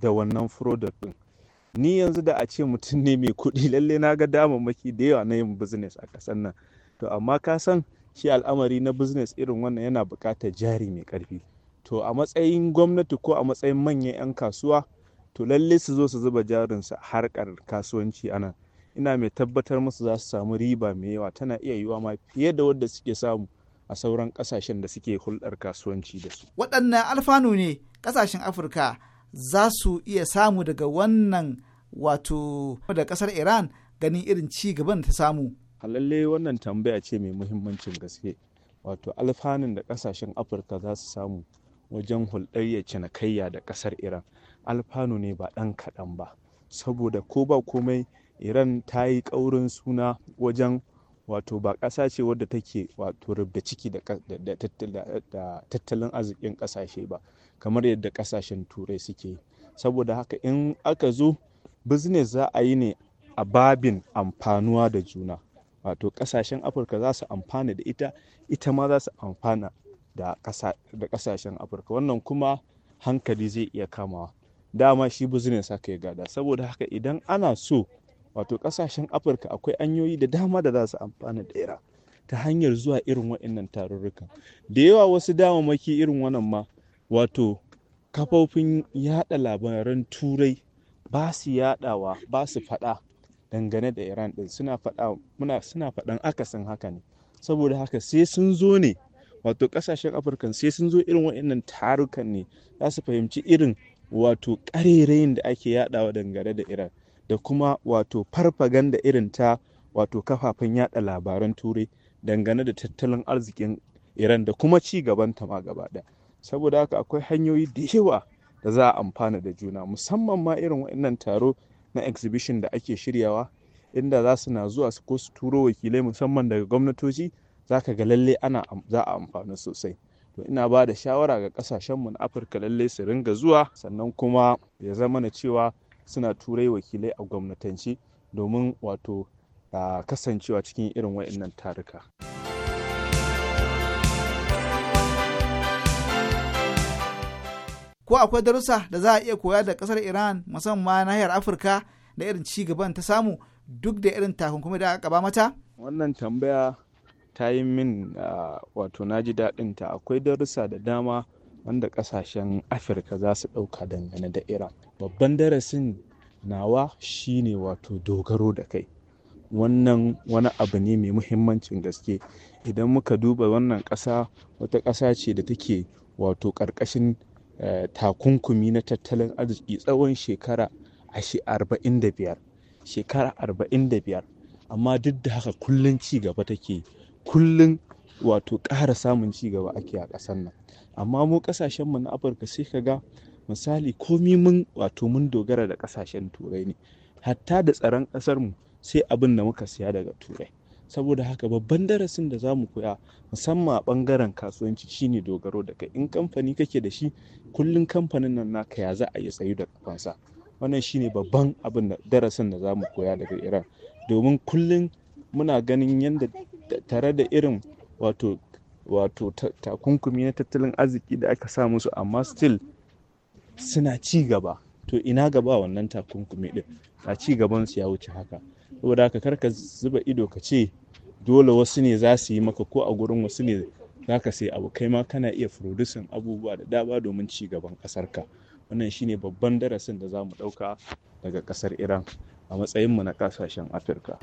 da wannan product ɗin. Ni yanzu da a ce mutum ne mai kuɗi lalle na ga damammaki da yawa na yin business a ƙasar nan. To amma ka san shi al'amari na business irin wannan yana buƙatar jari mai ƙarfi. To a matsayin gwamnati ko a matsayin manyan 'yan kasuwa to lalle su zo su zuba jarinsu a harkar kasuwanci ana ina mai tabbatar musu za su samu riba mai yawa tana iya yiwa ma fiye da wadda suke samu a sauran kasashen da suke hulɗar kasuwanci da su. Waɗannan alfanu ne ƙasashen Afirka za su iya samu daga wannan wato da ƙasar Iran ganin irin ci gaban ta samu. Halalle wannan tambaya ce mai muhimmancin gaske. Wato alfanun da ƙasashen Afirka za su samu wajen hulɗar ya cinikayya da ƙasar Iran alfanu ne ba ɗan kaɗan ba. Saboda ko ba komai Iran ta yi ƙaurin suna wajen wato ba ƙasa ce wadda take wato rubda ciki da tattalin arzikin ƙasashe ba kamar yadda ƙasashen turai suke yi. saboda haka in aka zo business za a yi ne a babin amfanuwa da juna wato ƙasashen afirka za su amfana da ita ita ma za su amfana da ƙasashen afirka wannan kuma hankali zai iya kamawa dama shi business haka ya gada saboda haka idan ana so wato kasashen afirka akwai hanyoyi da dama da za su amfana da ira ta hanyar zuwa irin waɗannan tarurruka da yawa wasu damamaki irin wannan ma wato kafofin yada labaran turai ba su yadawa ba su faɗa dangane da iran ɗin suna faɗa muna suna faɗan akasin haka ne saboda haka sai sun zo ne wato kasashen afirka sai sun zo irin waɗannan tarukan ne za su fahimci irin wato ƙarerayin da ake yadawa dangane da iran da kuma wato farfaganda irin ta wato kafafen yada labaran turai dangane da tattalin arzikin iran da kuma ci gaban ta ma gaba saboda haka akwai hanyoyi da yawa da za a amfana da juna musamman ma irin wannan taro na exhibition da ake shiryawa inda za su na zuwa su ko su turo wakilai musamman daga gwamnatoci za ka ga lalle ana za a amfana sosai to ina ba da shawara ga kasashenmu na afirka lalle su ringa zuwa sannan kuma ya zama na cewa suna turai wakilai a gwamnatance domin wato kasancewa cikin irin waɗannan taruka. ko akwai darussa da za a iya koya da kasar iran musamman nahiyar afirka da irin ci gaban ta samu duk da irin takunkumi da aka kaba mata wannan tambaya ta yi min wato na ji daɗin akwai darussa da dama wanda kasashen afirka za su ɗauka dangane da iran babban darasin nawa shine wato dogaro da kai wannan wani abu ne mai muhimmancin gaske idan muka duba wannan ƙasa wata ƙasa ce da take wato ƙarƙashin eh, takunkumi na tattalin arziki tsawon shekara arba'in shekara arba'in amma duk da haka kullum ci take kullum wato ƙara samun ci gaba ake a ƙasar nan amma mu mu na afirka sai ka ga misali komi mun wato mun dogara da kasashen turai ne hatta da tsaron kasar mu sai abin da muka siya daga turai saboda haka babban darasin da zamu koya musamman a bangaren kasuwanci shine dogaro da kai in kamfani kake da shi kullum kamfanin nan naka ya za a yi tsayu da kafansa wannan shine babban abin da darasin da za koya daga iran domin kullum muna ganin yadda tare da irin wato wato takunkumi na tattalin arziki da aka sa musu amma still suna ci gaba to ina gaba wannan takunkumi din a ci gaban su ya wuce haka saboda haka karka zuba ido ka ce dole wasu ne za su yi maka ko a gurin wasu ne za ka sai abu kai ma kana iya furudusin abubuwa da dama domin ci gaban ka wannan shine babban darasin da za mu ɗauka daga kasar iran a matsayin mu na kasashen afirka.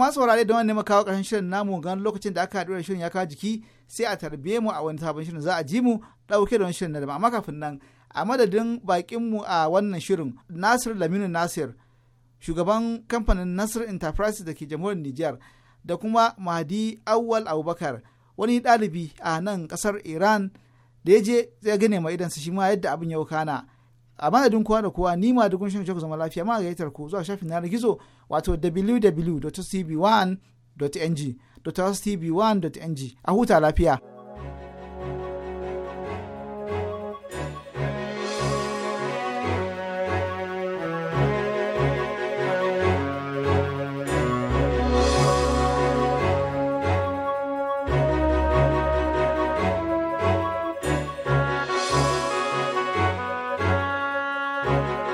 ma saurare don wani makawa ƙarshen shirin namu gan lokacin da aka haɗu da shirin ya kawo jiki sai a tarbiye mu a wani sabon shirin za a ji mu ɗauke da wani shirin na da amma kafin nan a madadin mu a wannan shirin Nasir Laminu Nasir shugaban kamfanin Nasir Enterprises da ke jamhuriyar Nijar da kuma Mahdi Awwal Abubakar wani ɗalibi a nan ƙasar Iran da ya je ya gane ma idansa shi ma yadda abin ya kana. a madadin kowa da kowa ni ma duk shirin ku zama lafiya ma gayyatar ku zuwa shafin na gizo wato www.cb1.ng.tv1.ng a huta lafiya. you